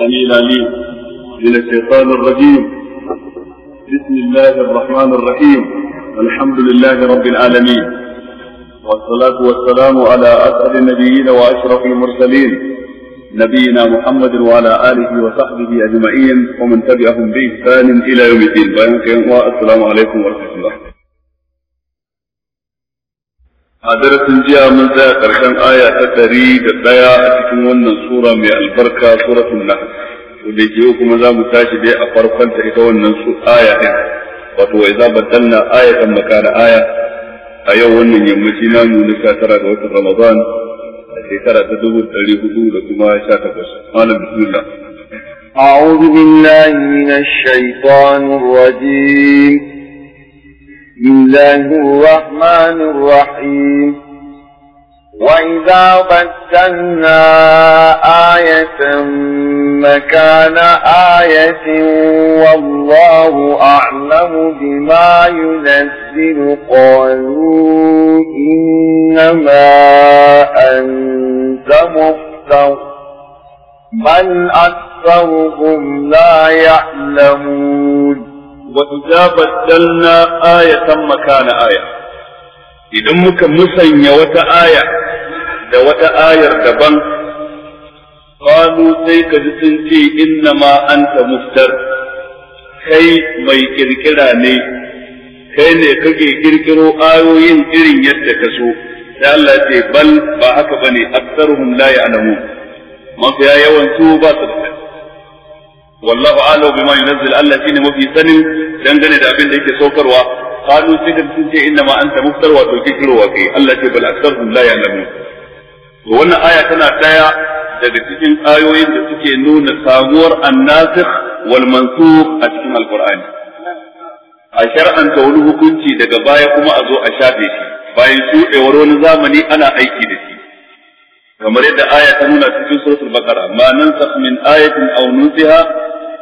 السميع عليم من الشيطان الرجيم بسم الله الرحمن الرحيم الحمد لله رب العالمين والصلاة والسلام على أسعد النبيين وأشرف المرسلين نبينا محمد وعلى آله وصحبه أجمعين ومن تبعهم بإحسان إلى يوم الدين السلام عليكم ورحمة الله a darasin jiya mun tsaya karshen aya ta ɗari da ɗaya a cikin wannan sura mai albarka suratul nahl to da ke kuma za mu tashi dai a farkon ta ita wannan su aya ɗin, wato wai wa idza badalna ayatan makana aya a yau wannan yammaci na nuna sha tara ga watan ramadan a shekara ta dubu ɗari hudu da kuma sha takwas malam bismillah أعوذ بالله من الشيطان الرجيم بسم الله الرحمن الرحيم وإذا بدلنا آية مكان آية والله أعلم بما ينزل قالوا إنما أنت مفتر بل أكثرهم لا يعلمون وإذا بدلنا na aya. Idan muka musanya wata aya da wata ayar daban kanu sai ka ji sun ce innama anta muftar kai mai kirkira ne kai ne kake kirkiro ayoyin irin yadda ka so da Allah ya ce bal ba haka bane aktsaruhum la ya'lamun mafiya yawan su ba su da wallahu a'lamu bima yunzil Allah shine mafi sanin dangane da abin da yake saukarwa qalu sai ka sun ce inna ma anta muftar wa tukiruwa kai Allah ce bal aktsaruhum la ya'lamun to wannan aya tana daya daga cikin ayoyin da suke nuna samuwar annasikh wal mansukh a cikin alqur'ani a shar'anta wani hukunci daga baya kuma a zo a shafe shi bayan shuɗewar wani zamani ana aiki da shi kamar yadda aya ta nuna cikin suratul baqara ma min ayatin aw nusiha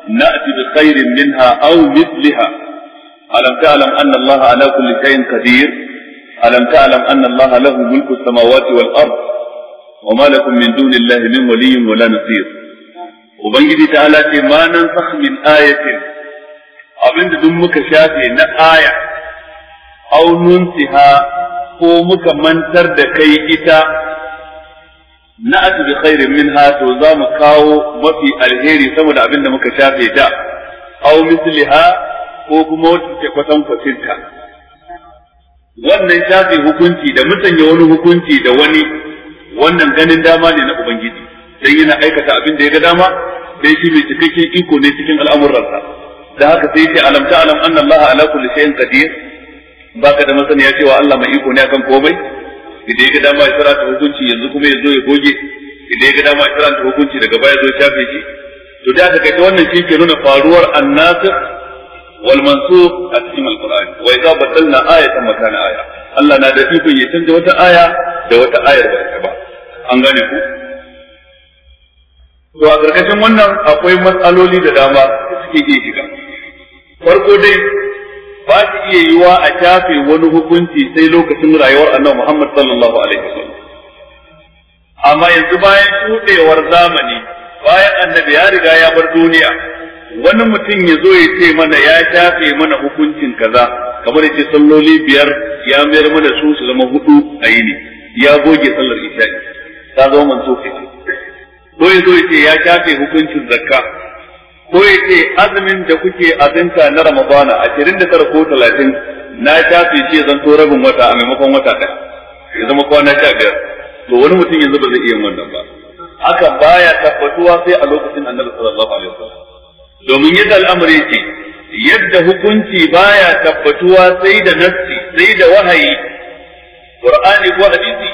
نأتي بخير منها أو مثلها ألم تعلم أن الله على كل شيء قدير ألم تعلم أن الله له ملك السماوات والأرض وما لكم من دون الله من ولي ولا نصير وبنجد تعالى ما ننسخ من آية أبن دمك شافي نآية أو ننسها ko muka mantar da kai ita Na bi khairin minha to za mu kawo mafi alheri saboda abin da muka shafe da aw misliha ko kuma wata ce kwatan kwatinta wannan shafe hukunci da musanya wani hukunci da wani wannan ganin dama ne na ubangiji dan yana aikata abin da ya ga dama dai shi mai cikakken iko ne cikin al'amuransa da haka sai ce alam ta'lam anna ala kulli shay'in qadir baka da masaniya cewa Allah mai iko ne akan komai idan ya ga dama ya ta hukunci yanzu kuma ya zo ya goge idan ya ga dama ya ta hukunci daga baya zo shafe shi to da aka kaita wannan shi ke nuna faruwar annasir wal mansukh a cikin alqur'ani wa idza batalna ayatan makana aya Allah na da ikon ya canza wata aya da wata ayar ba ta ba an gane ku to a karkashin wannan akwai matsaloli da dama suke iya shiga farko dai ba ta iya yiwa a tafe wani hukunci sai lokacin rayuwar annabi Muhammad sallallahu alaihi wasallam amma yanzu bayan tudewar zamani bayan annabi ya riga ya bar duniya wani mutum ya zo ya ce mana ya tafe mana hukuncin kaza kamar ya ce salloli biyar ya mayar mana su su zama hudu a yini ya goge sallar isha'i ta zama mansufi ke ko ya zo ya ce ya tafe hukuncin zakka ko ya ce azumin da kuke azinta na ramadana ashirin da tara ko talatin na shafe shi zan to rabin wata a maimakon wata ɗaya ya zama kwana sha biyar to wani mutum yanzu ba zai iya wannan ba haka baya tabbatuwa sai a lokacin annabi sallallahu alaihi wasallam domin yadda al'amari yake yadda hukunci baya tabbatuwa sai da nafsi sai da wahayi qur'ani ko hadisi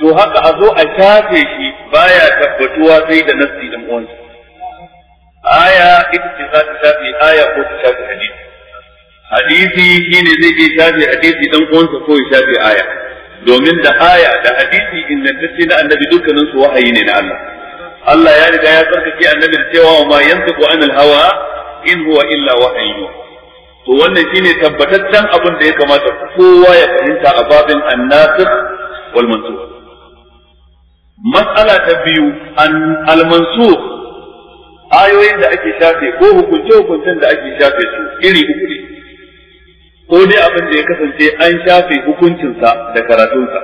to haka a zo a shafe shi baya tabbatuwa sai da nafsi dan uwansa aya ita za ta shafi aya ko ta shafi hadisi hadisi shine zai iya shafi hadisi dan uwansa ko ya shafi aya domin da aya da hadisi ingantacce na annabi dukkanin su wahayi ne na Allah Allah ya riga ya tsarkake annabi da cewa wa ma yantiqu anil hawa in huwa illa wahyu to wannan shine tabbataccen abin da ya kamata kowa ya fahimta a babin annasikh wal mansukh mas'ala ta biyu al mansukh ayoyin da ake shafe ko hukunce hukuncen da ake shafe su iri uku ne ko dai abin da ya kasance an shafe hukuncinsa da karatunsa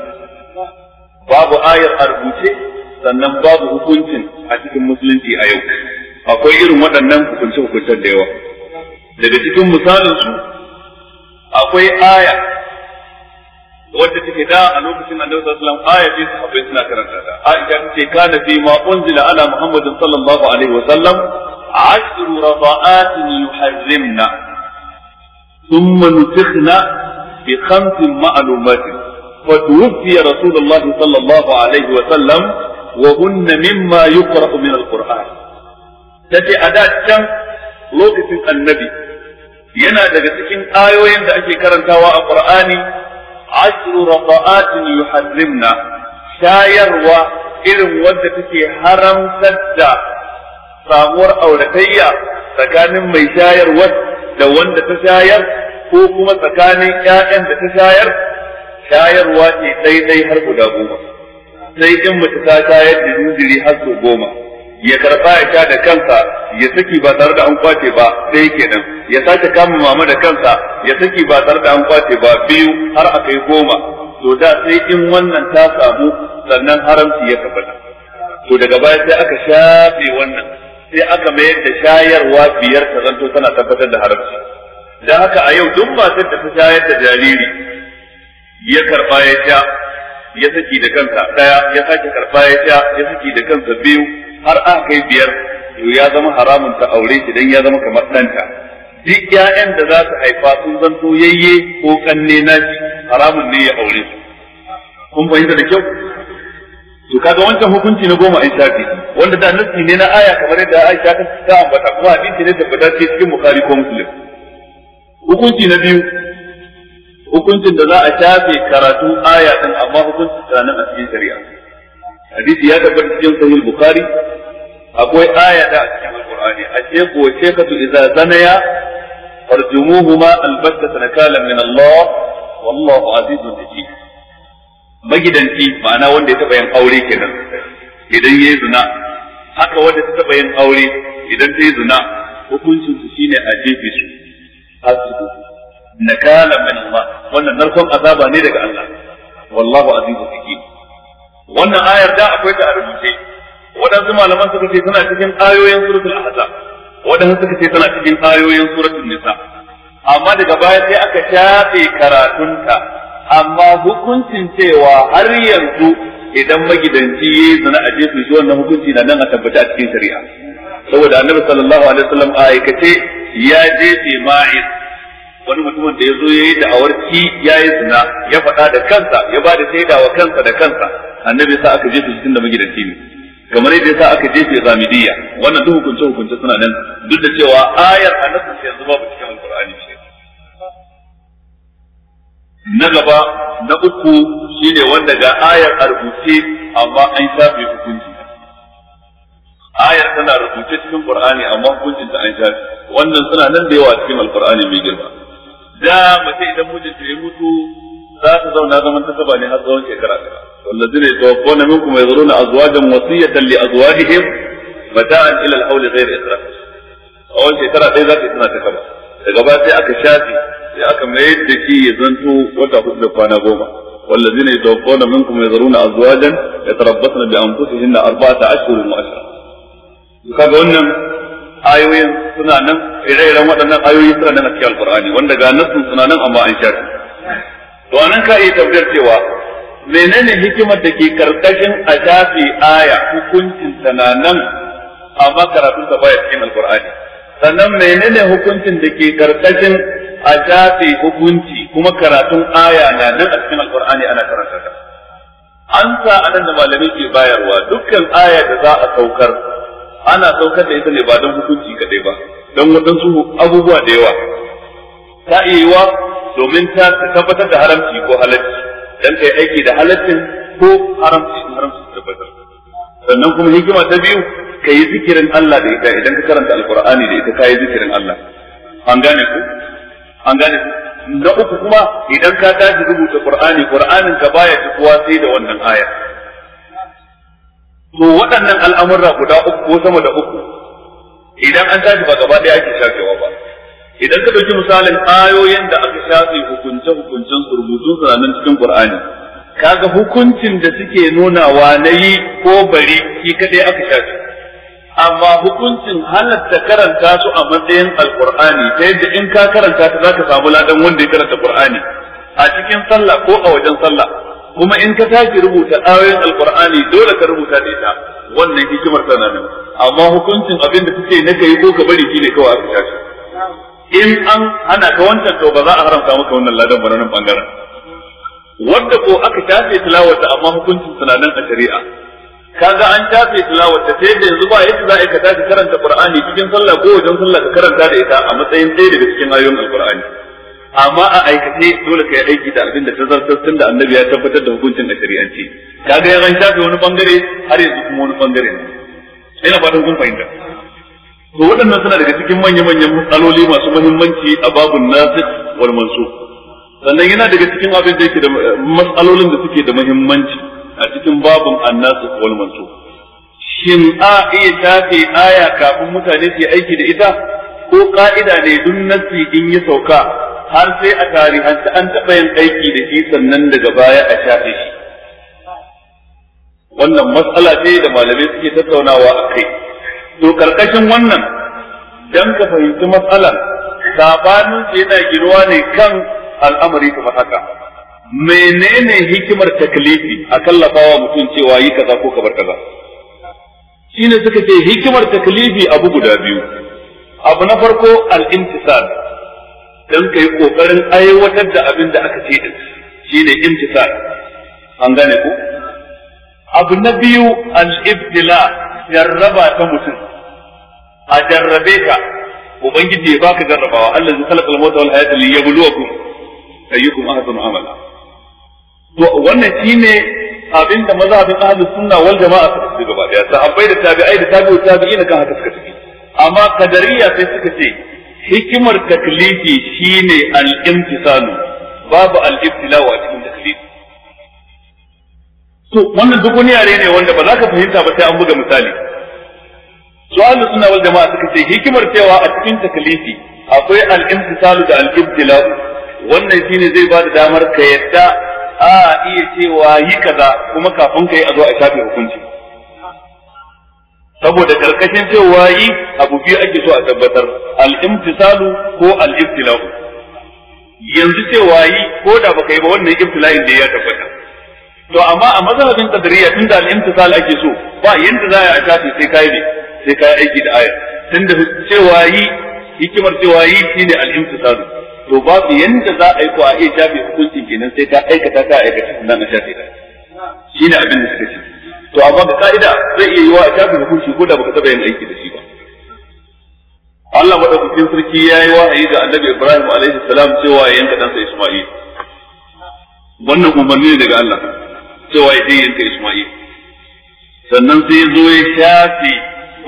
babu ayar a rubuce sannan babu hukuncin a cikin musulunci a yau akwai irin waɗannan hukunce hukuncen da yawa daga cikin misalinsu akwai aya wadda take da a lokacin annabi sallallahu alaihi wasallam aya sahabbai suna karanta ta aisha tace kana fi ma unzila ala muhammadin sallallahu alaihi wasallam عشر رضاءات يحرمن ثم نسخن بخمس معلومات فتوفي رسول الله صلى الله عليه وسلم وهن مما يقرأ من القرآن a da can lokacin annabi. yana daga cikin ayoyin da ake karantawa a Qur'ani ashru raqa'atin yuharrimna shayarwa irin wanda take haramtar da samuwar auratayya tsakanin mai shayarwar da wanda ta shayar ko kuma tsakanin ƴaƴan da ta shayar shayarwa ce daidai har guda goma sai in mace ta shayar da jinjiri har sau goma ya karba ya sha da kansa ya saki ba tare da an kwace ba sai kenan ya sake kama mama da kansa ya saki ba tare da an kwace ba biyu har a kai goma to da sai in wannan ta samu sannan haramci ya kafa to daga baya sai aka shafe wannan sai aka mayar da shayarwa biyar ta zanto tana tabbatar da haramci dan haka a yau duk matar da ta shayar da jariri ya karba ya sha ya saki da kansa daya ya sake karba ya sha ya saki da kansa biyu har aka kai biyar yau ya zama haramun ta aure shi dan ya zama kamar ɗanta duk ƴaƴan da za su haifa sun zanto yayye ko kanne na shi haramun ne ya aure su kun fahimta da kyau to kaga wancan hukunci na goma an shafi wanda da nasi ne na aya kamar yadda Aisha ta ta ambata kuma hadisi ne da tabbata ce cikin Bukhari ko Muslim hukunci na biyu hukuncin da za a shafe karatu aya din amma hukuncin tsanan a cikin shari'a hadisi ya tabbata cikin sahih bukhari akwai aya da a cikin alqur'ani ashe ko shekatu idza zanaya farjumuhuma albatta nakalan min Allah wallahu azizun hakim magidanci ma'ana wanda ya taba yin aure kenan idan yayi zina haka wanda ta taba yin aure idan ta yi zina hukuncin su shine a jefe su asibu nakalan min Allah wannan narkon azaba ne daga Allah wallahu azizun hakim wannan ayar da akwai ta a rubuce waɗansu malaman suka ce tana cikin ayoyin suratul ahzab waɗansu suka ce tana cikin ayoyin suratul nisa amma daga baya sai aka shafe karatunta amma hukuncin cewa har yanzu idan magidanci ya yi zina a jesu shi wannan hukunci na nan a tabbata a cikin shari'a saboda annabi sallallahu alaihi wasallam a aikace ya jefe ma'is wani mutumin da ya zo ya yi da'awar ki ya yi zina ya faɗa da kansa ya ba da shaida wa kansa da kansa annabi sa aka jefe cikin da magidanci ne kamar yadda sa aka jefe zamidiyya wannan duk hukunce hukunce suna nan duk da cewa ayar annabi sai yanzu babu cikin alqur'ani na gaba na uku shine wanda ga ayar a rubuce amma an shafe hukunci ayar tana rubuce cikin qur'ani amma hukuncin ta an shafe wannan suna nan da yawa cikin alqur'ani mai girma da mace idan mijinta ya mutu za su zauna zaman tasaba ne har tsawon shekara ɗaya wallazina ya minkum yazruna azwajan wasiyatan li azwajihim mata'an hauli al-hawli ghayr A wani shekara ɗaya za ka tana tasaba daga baya sai aka shafi sai aka mayar da shi ya zanto wata hudu da kwana goma Wanda na ya tarabbasa والذين يتوفون منكم يذرون ازواجا يتربصن بانفسهن mu اشهر Duka ga wannan ayoyin suna nan ire-iren waɗannan ayoyi suna nan a cikin alkur'ani wanda ga nassun suna nan amma an shafi to anan ka iya tabbatar cewa menene hikimar da ke karkashin a shafi aya hukuncin sananan amma karatun da baya cikin alqur'ani sannan menene hukuncin da ke karkashin a shafi hukunci kuma karatun aya na nan a cikin alqur'ani ana karanta ta an sa anan da malamai ke bayarwa dukkan aya da za a saukar ana saukar da ita ne ba don hukunci kadai ba don wadansu abubuwa da yawa ta iya domin ta tabbatar da haramci ko halacci dan kai aiki da halaccin ko haramci ko haramci tabbatar sannan kuma hikima ta biyu ka yi zikirin Allah da ita idan ka karanta alqur'ani da ita ka yi zikirin Allah an gane ku an gane na uku kuma idan ka tashi rubuta qur'ani qur'anin ka baya tukuwa sai da wannan aya to waɗannan al'amurra guda uku ko sama da uku idan an tashi ba gaba ɗaya ake shafewa ba idan ka dauki misalin ayoyin da aka shafe hukunce hukuncen su rubutu sanannen cikin Qur'ani kaga hukuncin da suke nunawa na yi ko bari shi kaɗai aka shafe amma hukuncin halatta karanta su a matsayin alqur'ani ta yadda in ka karanta ta zaka samu ladan wanda ya karanta qur'ani a cikin sallah ko a wajen sallah kuma in ka tashi rubuta ayoyin alqur'ani dole ka rubuta da ita wannan hikimar tana nan amma hukuncin abin da suke na kai ko ka bari ne kawai aka tashi in an hana ka wancan to ba za a haramta maka wannan ladan ba nan bangaren wanda ko aka tafe tilawata amma hukuncin sunanan a shari'a kaga an tafe tilawata sai yadda yanzu ba yadda za a ka tafi karanta qur'ani cikin sallah ko wajen sallah ka karanta da ita a matsayin ɗaya daga cikin ayoyin alqur'ani amma a aikace dole ka yi aiki da abin da ta zartar tun da annabi ya tabbatar da hukuncin a shari'ance kaga ya ran tafe wani bangare har yanzu kuma wani bangare ina fatan kun fahimta to waɗannan suna daga cikin manya-manyan matsaloli masu muhimmanci a babun nasikh wal mansukh sannan yana daga cikin abin da yake da matsalolin da suke da muhimmanci a cikin babun annasikh wal mansukh shin a iya tafi aya kafin mutane su yi aiki da ita ko ka'ida ne duk nasi in ya sauka har sai a tarihanta an taɓa yin aiki da shi sannan daga baya a shafe shi wannan matsala ce da malamai suke tattaunawa a kai to karkashin wannan dan ka fahimci matsalar sabanin su yana girwa ne kan al'amari kamar haka menene hikimar taklifi a kallafawa mutum cewa yi kaza ko kabar kaza shine suka ce hikimar taklifi abu guda biyu abu na farko al-intisal dan kai kokarin aiwatar da abin da aka ce din shine intisal an gane ku? abu na biyu al-ibtila jarraba ta mutum a jarrabe ka ubangiji ya baka jarrabawa Allah zai khalaqa al-mauta wal hayata li yabluwakum ayyukum ahsanu amala to wannan shine abinda mazhabin ahlus sunna wal jama'a suka ce gaba daya sahabbai da tabi'ai da tabi'u tabi'in kan haka suka tafi amma qadariyya sai suka ce hikimar taklifi shine al-imtisalu babu al-ibtila a cikin taklifi to wannan duk wani yare ne wanda ba za ka fahimta ba sai an buga misali su ahlus sunna wal jama'a suka ce hikimar cewa a cikin takalifi akwai al-imtisalu da al-ibtila wannan shine zai ba da damar ka yadda a iya cewa yi kaza kuma kafin ka yi a zo a shafe hukunci saboda karkashin cewa yi abu biyu ake so a tabbatar al-imtisalu ko al-ibtila yanzu cewa yi ko da baka yi ba wannan ibtila'in da ya tabbata to amma a mazhabin qadariyya tunda al-imtisal ake so ba yanda za a shafe sai kai ne sai ka aiki da aya tunda cewa yi hikimar cewa yi shine al-imtisal to babu yanda za a yi ko a iya shafe hukunci kenan sai ka aikata ka aikata sannan a shafe Shi shine abin da suka ce to amma da ka'ida zai iya yiwa a shafe hukunci ko da baka taba yin aiki da shi ba Allah madaukakin sarki ya yi wahayi ga annabi Ibrahim alaihi salam cewa ya yanka ɗansa Isma'il wannan umarni ne daga Allah cewa ya yanka Isma'il sannan sai ya zo ya shafe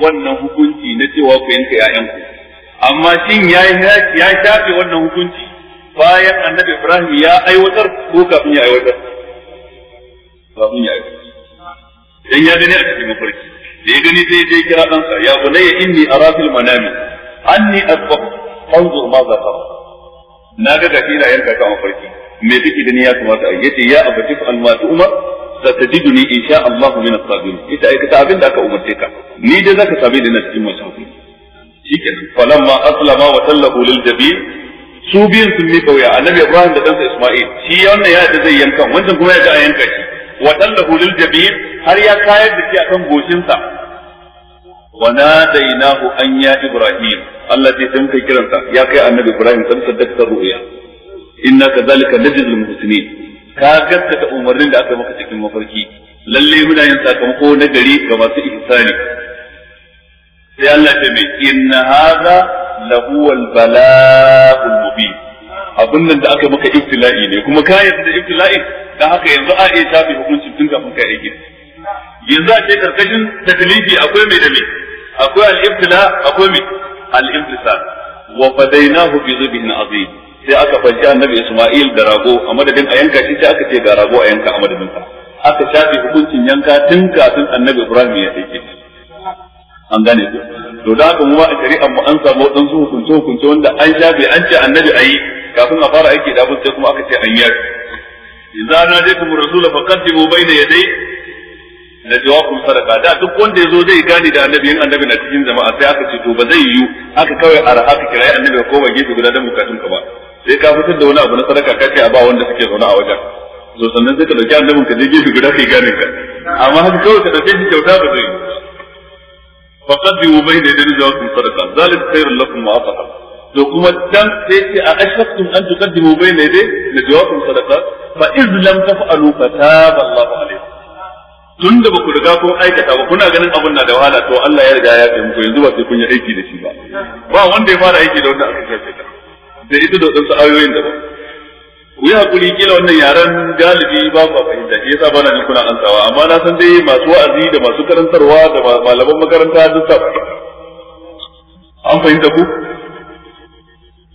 wannan hukunci na cewa ku yanka ƴaƴanku amma shin ya ya shafe wannan hukunci bayan annabi Ibrahim ya aiwatar ko kafin ya aiwatar kafin ya aiwatar dan ya gani a cikin mafarki da ya gani sai dai kira ɗansa ya bunayya inni arafil manami anni asbah anzur ma za ta na ga gashi na yanka ka mafarki me kike gani ya kamata a yace ya abati fa al umar satajiduni insha Allah min as-sabirin ita aikata abin da aka umarce ka ni dai zaka sabe da na cikin wancan hukunci shikenan falamma aslama wa tallahu lil jabir su biyun sun mika wuya annabi Ibrahim da ɗansa Isma'il shi wannan ya da zai yanka wancan kuma ya a yanka shi wa tallahu lil jabir har ya kayar da shi akan goshinsa wa nadainahu an ya Ibrahim Allah kiransa ya kai annabi Ibrahim kan saddaka ru'ya inna kadhalika najzil ka gaskata umarnin da aka maka cikin mafarki lalle muna yin sakamako na gari ga masu ihsani sai Allah ta mai inna hadha lahu al-bala'ul mubin abin nan da aka maka ibtila'i ne kuma ka yarda da ibtila'i Da haka yanzu a iya tafi hukuncin tun kafin ka aiki yanzu a ce karkashin taklifi akwai mai da mai akwai al-ibtila akwai mai al-imtisal wa fadainahu bi dhibhin azim sai aka fanci annabi Isma'il da rago a madadin a yanka shi sai aka ce ga rago a yanka a madadin sa aka shafe hukuncin yanka tun kafin annabi Ibrahim ya aike an gane ku to da haka mu a shari'ar mu an samu su hukunce hukunce wanda an shafe an ce annabi ayi kafin a fara aiki da abin sai kuma aka ce an yafi idza najaytum rasul qaddimu bayna yaday najwakum sadaka. da duk wanda yazo zai gane da annabi in annabi na cikin jama'a sai aka ce to ba zai yiwu aka kawai ara aka kirayi annabi ko ba gefe guda da bukatun ka ba sai ka fitar da wani abu na sadaka ka ce a ba wanda suke zaune a wajen zo sannan sai ka dauki annabin ka je gefe guda kai gane ka amma haka kawai ka dauke shi kyauta ba zai faqaddimu bayna yadayn jawakum sadaka. zalika khairul lakum wa atqa to kuma dan sai ce a ashfaqtum an tuqaddimu bayna yaday jawakum sadaqa fa iz lam taf'alu taba Allahu alaykum tunda ba ku riga kun aikata ba kuna ganin abun na da wahala to Allah ya riga ya tsaye muku yanzu ba sai kun yi aiki da shi ba ba wanda ya fara aiki da wanda aka kace da ita da wadansu ayoyin da ba ku yi hakuri kila wannan yaren galibi ba ku fahimta shi yasa bana jin kuna ansawa amma na san dai masu wa'azi da masu karantarwa da malaman makaranta duk sa an fahimta ku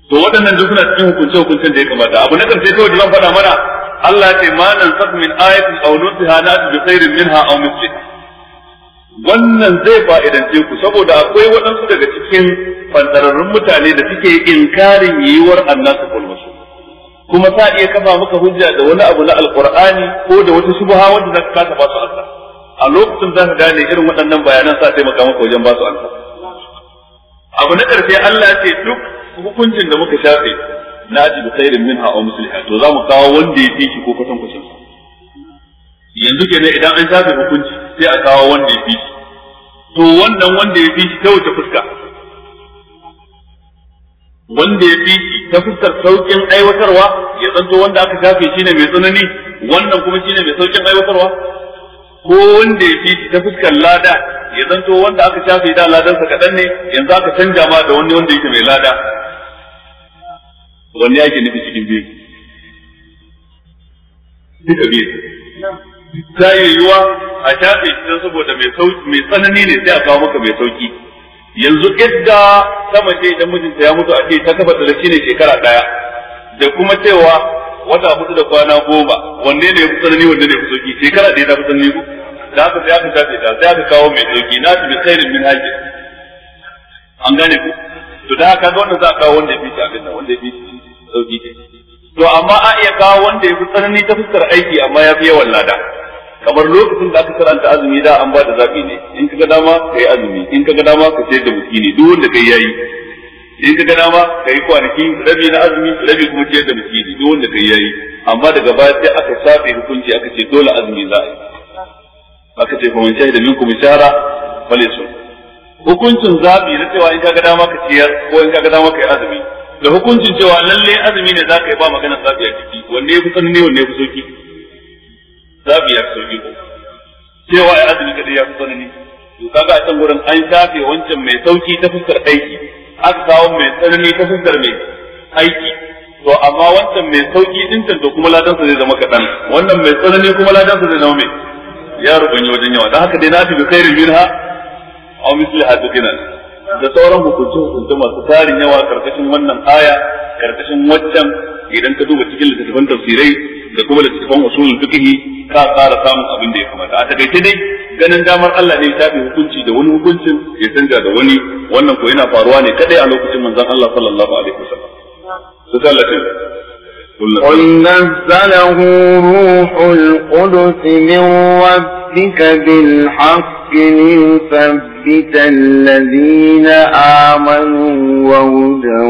to waɗannan duk suna cikin hukunce hukuncen da ya kamata abu na karshe kawai da zan faɗa mana Allah ya ce ma nan sak min ayatin aw nunsiha na'ti bi khairin minha aw mithliha wannan zai fa'idance ku saboda akwai waɗansu daga cikin fantararrun mutane da suke inkarin yiwuwar annasu su masu kuma sa iya kafa maka hujja da wani abu na alqur'ani ko da wata shubha wanda zaka kasa ba su ansa a lokacin ka gane irin waɗannan bayanan sa sai maka wajen ba su ansa abu na ƙarfe Allah ya ce duk hukuncin da muka shafe na ajibu khairin minha aw musliha to za mu kawo wanda ya fi shi ko kusan kwatan yanzu kenan idan an shafe hukunci sai a kawo wanda ya fi shi to wannan wanda ya fi shi ta wuce fuska wanda ya fi ta fuskar saukin aiwatarwa ya zanto wanda aka shafe shi ne mai tsanani wannan kuma shi ne mai saukin aiwatarwa ko wanda ya fi ta fuskar lada ya zanto wanda aka shafe da ladansa kaɗan ne yanzu aka canja ma da wani wanda yake mai lada wani yake nufi cikin biyu duka biyu ta yiwuwa a shafe shi saboda mai tsanani ne sai a kawo maka mai sauki yanzu idda ta mace idan mijinta ya mutu a ce ta kafa tsarki ne shekara daya da kuma cewa wata mutu da kwana goma wanne ne ya fi tsanani wanne ne ya fi sauki shekara ɗaya ta fi tsanani ku da aka sai aka tace ta sai aka kawo mai sauki na ta bi khairin min haji an gane ku to da haka ga wannan za a kawo wanda ya fi shi abin nan wanda ya fi sauki to amma a iya kawo wanda ya fi tsanani ta fuskar aiki amma ya fi yawan lada kamar lokacin da aka karanta azumi da an ba da zabi ne in kaga dama yi azumi in kaga dama ka sayar da ne duk wanda kai yayi in kaga dama yi kwanaki rabi na azumi rabi kuma sayar da ne duk wanda kai yayi amma daga baya sai aka shafe hukunci aka ce dole azumi za a yi aka ce faman shahida minkum ishara su hukuncin zabi na cewa in kaga dama ka ciyar ko in kaga dama yi azumi da hukuncin cewa lalle azumi ne za ka yi ba magana zabi a ciki wanne ya fi ne wanne ya fi soki zabiyar ya fi sauki ko cewa ya azumi kadai ya fi tsanani to kaga a can gurin an shafe wancan mai sauki ta fuskar aiki aka kawo mai tsanani ta fuskar mai aiki to amma wancan mai sauki din can to kuma ladan sa zai zama kadan wannan mai tsanani kuma ladan sa zai zama mai ya rubanye wajen yawa dan haka dai na fi bi khairin minha aw hadu tukinan da sauran hukunci hukunci masu tarin yawa karkashin wannan aya karkashin waccan idan ka duba cikin littattafan tafsirai da kuma littafan usulul fiqh ka fara samun abin da ya kamata a takaice dai ganin damar Allah ne ya hukunci da wani hukuncin ya canja da wani wannan ko yana faruwa ne kadai a lokacin manzon Allah sallallahu alaihi wasallam su sallatin قل نزله روح القدس من رب ربك بالحق ليثبت الذين آمنوا وهدى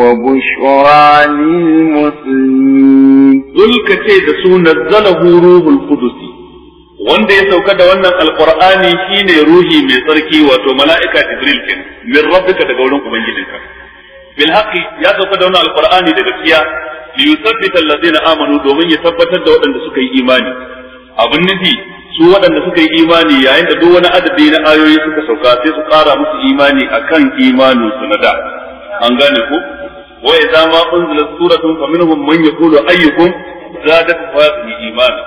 وبشرى للمسلمين قل كتيد نزله روح القدس wanda ya sauka da wannan alqur'ani shine ruhi mai tsarki wato mala'ika jibril kin min rabbika daga wurin ubangijinka bil haqqi ya sauka da wannan alqur'ani da gaskiya li yuthabbita alladhina amanu domin ya tabbatar da waɗanda suka yi imani abin nufi su waɗanda suka yi imani yayin da duk wani adadi na ayoyi suka sauka sai su ƙara musu imani akan imanin su na da an gane ku wai za ma unzilat suratun faminhum man yaqulu ayyukum zadat hadhihi imana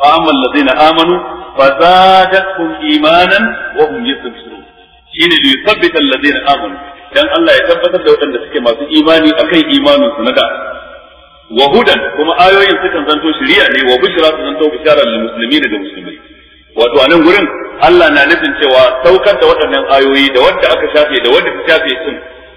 fa amma na amanu fazadatkum imanan wa hum yastabshirun shine li yuthabbita alladhina amanu dan Allah ya tabbatar da waɗanda suke masu imani akan imanin su na da wa hudan kuma ayoyin sukan zanto shiriya ne wa bushira su zanto bishara lil muslimin da musulmai wato anan gurin Allah na nufin cewa saukar da waɗannan ayoyi da wanda aka shafe da wanda aka shafe din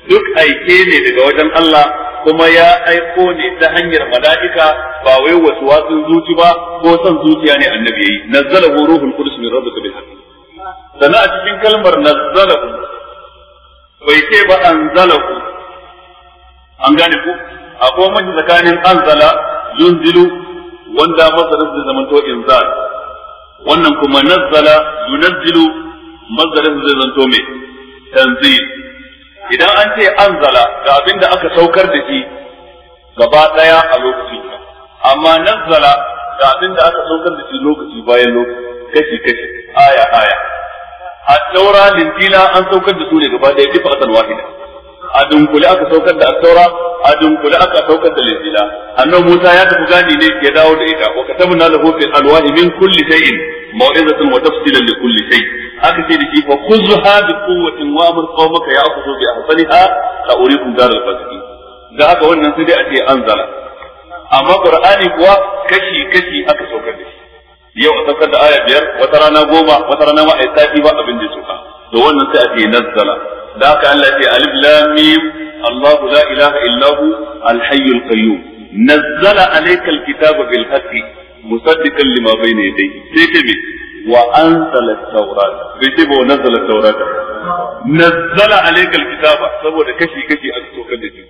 duk aike ne daga wajen Allah kuma ya aiko ne ta hanyar mala'ika ba wai wasu wasu zuci ba ko son zuciya ne annabi yayi nazzalahu ruhul qudus min rabbika bil haqq sana a cikin kalmar nazzalahu bai ce ba anzalahu an gane ku akwai mace tsakanin anzala yunzilu wanda masarar zai zamanto inzal wannan kuma nazzala yunzilu masarar zai zanto mai tanzil idan an ce anzala ga abin da aka saukar da shi gaba daya a lokaci amma nazzala ga abin da aka saukar da shi lokaci bayan lokaci kashi kashi aya aya a tsaura lintila an saukar da su ne gaba daya duka asan wahida a dunkule aka saukar da attaura a dunkule aka saukar da linjila annabi Musa ya tafi gani ne ya dawo da ita wa katabna lahu fil alwahi min kulli shay'in maw'izatan wa tafsilan li kulli shay aka ce da shi fa khuzha bi quwwatin wa amr qawmaka ya'khudhu bi ahsaniha ka urikum daral fasiki da haka wannan sai dai a ce anzala amma qur'ani kuwa kashi kashi aka saukar da shi yau a saukar da aya biyar wata rana goma wata rana ma a ba abin da suka da wannan sai a ce nazzala da haka Allah ya alif lam mim Allahu la ilaha illa hu al-hayyul qayyum nazzala alayka al-kitaba bil haqqi musaddiqan lima bayna yadayhi sai ta me wa anzala at-taurat bai ce ba wa nazzala at-taurat nazzala alayka al-kitaba saboda kashi kashi a tokar da shi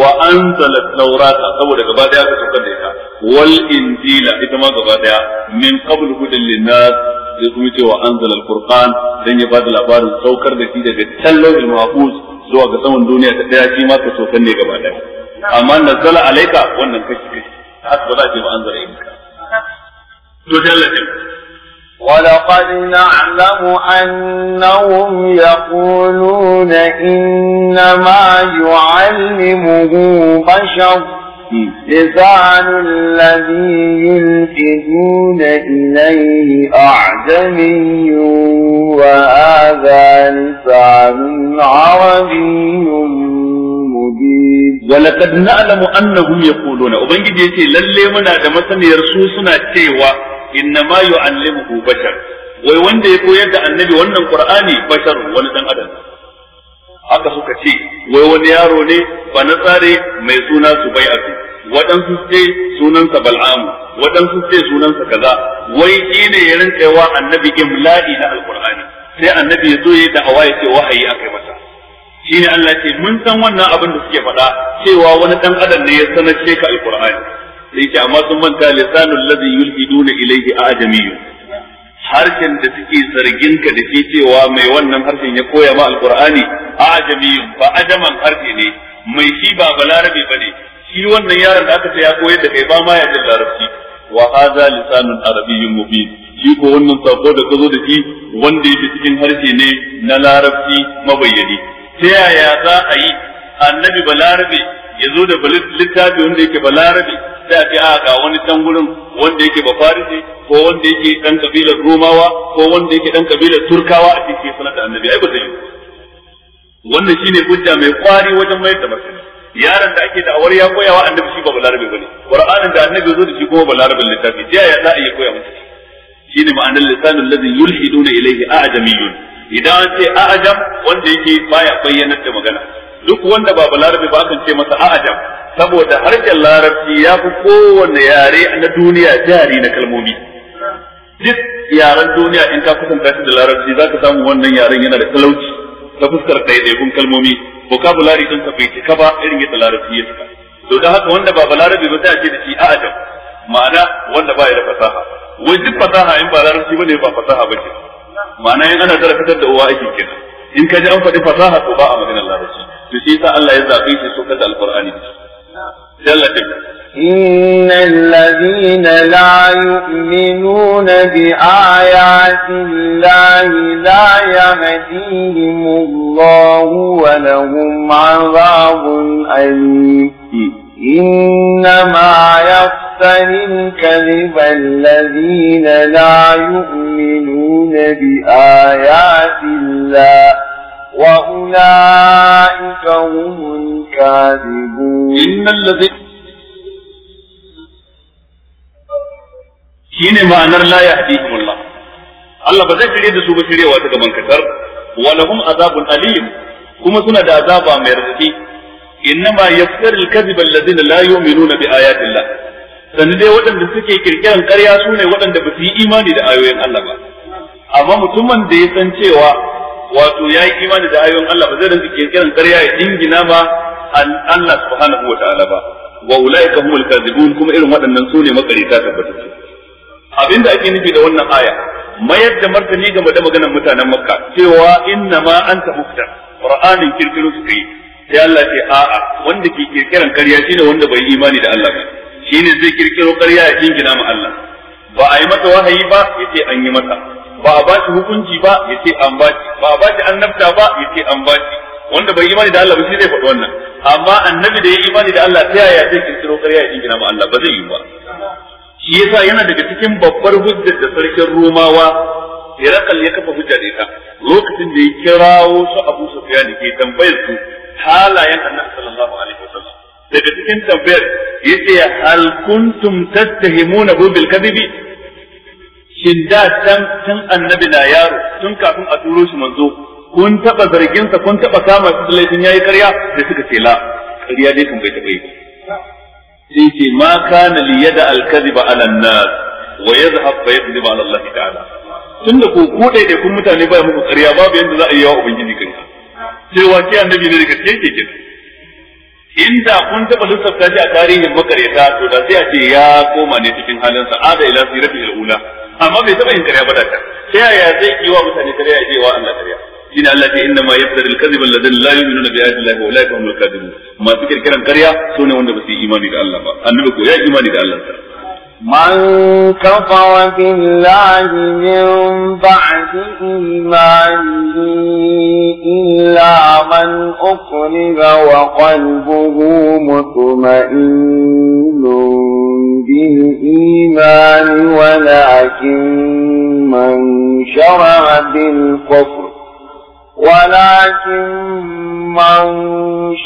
wa anzala at-taurat saboda gaba daya aka tokar da ita wal injila ita ma gaba daya min qabl hudan lin-nas sai kuma cewa anzal al-furqan dan ya bada labarin saukar da shi daga tallon al-mahfuz zuwa ga saman duniya ta ɗaya shi ma ka sokan ne gaba daya amma nazala alaika wannan kashi kashi haka ba za ce ba anzala ilayka to jallatin ولقد نعلم أنهم يقولون إنما يعلمه بشر لسان الذي يلحدون إليه أعجمي وهذا لسان عربي مبين ولقد نعلم أنهم يقولون وبنجد يتي للي منا دمسن يرسوسنا تيوا إنما يعلمه بشر wai wanda ya koyar da annabi wannan qur'ani bashar wani dan adam aka suka ce wai wani yaro ne ba na tsare mai suna su subai'atu waɗansu ce sunansa bal'amu waɗansu ce sunansa kaza wai shi ne ya rinka wa annabi imla'i na alkur'ani sai annabi ya zo ya hawa ya ce wahayi akai Shi ne Allah ce mun san wannan abin da suke faɗa cewa wani ɗan adam ne ya sanar ka alkur'ani sai ce amma sun manta lisanul ladhi yulhiduna ilayhi jami'u. harshen da suke zargin ka da ke cewa mai wannan harshen ya koya ma alqur'ani ajamiyun ba ajaman harshe ne mai shi ba balarabe bane shi wannan yaron da aka ce ya koyar da kai ba ma ya jin larabci wa hadha lisanun arabiyyun mubin shi ko wannan sako da ka da shi wanda yake cikin harshe ne na larabci mabayyani ta yaya za a yi annabi balarabe ya zo da littafi wanda yake balarabe za a ce a ah, ga wani dan gurin wanda yake bafarisi ko wanda yake dan kabilar romawa ko wanda yake dan kabilar turkawa a cikin sunan da annabi ai ba zai yi wannan shine hujja mai kwari wajen mayar da martani yaron da ake da'awar ya koya wa annabi shi ba balarabe bane qur'anin da annabi zo da shi kuma balarabin littafi ta ya za a yi koya masa shine ma'anar lisanul ladhi yulhiduna ilayhi a'jamiyun idan an ce a'jam wanda yake baya bayyanar da magana duk wanda ba balarabi ba kan ce masa a'ajam saboda harshen larabci ya fi kowanne yare na duniya jari na kalmomi duk yaren duniya in ka kusanta shi da larabci za ka samu wannan yaren yana da talauci ta fuskar ɗaiɗaikun kalmomi vocabulary ɗinsa bai cika ba irin yadda larabci ya cika to da haka wanda ba balarabi ba sai a ce da shi a'ajam ma'ana wanda ba ya da fasaha wai duk fasaha in ba larabci ne ba fasaha ce ma'ana in ana tara fitar da uwa ake kenan in ka ji an faɗi fasaha to ba a maganar larabci da shi sa Allah ya zabe shi so kada إن الذين لا يؤمنون بآيات الله لا يهديهم الله ولهم عذاب أليم إنما يفتري الكذب الذين لا يؤمنون بآيات الله وأولئك هم الكاذبون إن الذين shine ma'anar la yahdihim Allah Allah ba zai shirye da su ba shiryewa ta gaban kasar wa lahum azabun alim kuma suna da azaba mai rufi. radadi innama yafsir al-kadhiba alladhina la yu'minuna bi ayati Allah sannan dai waɗanda suke kirkiran ƙarya su ne waɗanda ba su yi imani da ayoyin Allah ba amma mutumin da ya san cewa wato ya yi imani da ayoyin Allah ba zai rinka kirkiran ƙarya ya dingina ba Allah subhanahu wa ta'ala ba wa ulaika humul kadhibun kuma irin waɗannan sune makarita tabbatattu abinda ake nufi da wannan aya mayar da martani game da maganar mutanen makka cewa inna ma anta muftar qur'anin kirkiro su kai sai Allah ce a'a wanda ke kirkiran ƙarya shine wanda bai imani da Allah ba shine zai kirkiro ƙarya ya dingina ma Allah ba a yi masa wahayi ba yace an yi masa ba a ba shi hukunci ba ya ce an ba shi ba a ba shi annabta ba ya ce an ba shi wanda bai imani da Allah ba shi zai faɗi wannan amma annabi da ya imani da Allah ta yaya zai kirkiro ƙarya ya dingina ma Allah ba zai yi ba shi yasa yana daga cikin babbar hujjar da sarkin Romawa Herakal ya kafa hujja da ita lokacin da ya kirawo su Abu Sufyan ke tambayar su halayen Annabi sallallahu alaihi wasallam daga cikin tambayar yace hal kuntum tattahimuna bil kadhibi In da can tun annabi na yaro tun kafin a turo shi manzo kun taba zargin sa kun taba kama shi laifin yayi ƙarya da suka ce la ƙarya dai kun bai taba yi sai ce ma kana li yada al kadhiba ala nas wa yadhhab fa yadhhab ala Allah ta'ala tunda ko ku dai dai kun mutane bai muku ƙarya babu yanda za a yi wa ubangiji kanka cewa ke annabi ne daga cikin kike da kun taba lissafta shi a tarihin makaryata to da sai a ce ya koma ne cikin halin sa'ada ila sirati al-ula amma bai taɓa yin ƙarya ba da ta yaya zai yi wa mutane ƙarya ya yi wa Allah ƙarya shine Allah ta inna ma yaftar al-kadhib alladhina la yu'minuna bi ayati Allah wa la yahum al-kadhibun masu kirkiran ƙarya sune wanda ba su yi imani da Allah ba annabi ko ya imani da Allah ta من كفر بالله من بعد إيمانه إلا من أقرب وقلبه مطمئن بالإيمان ولكن من شرع بالكفر ولكن من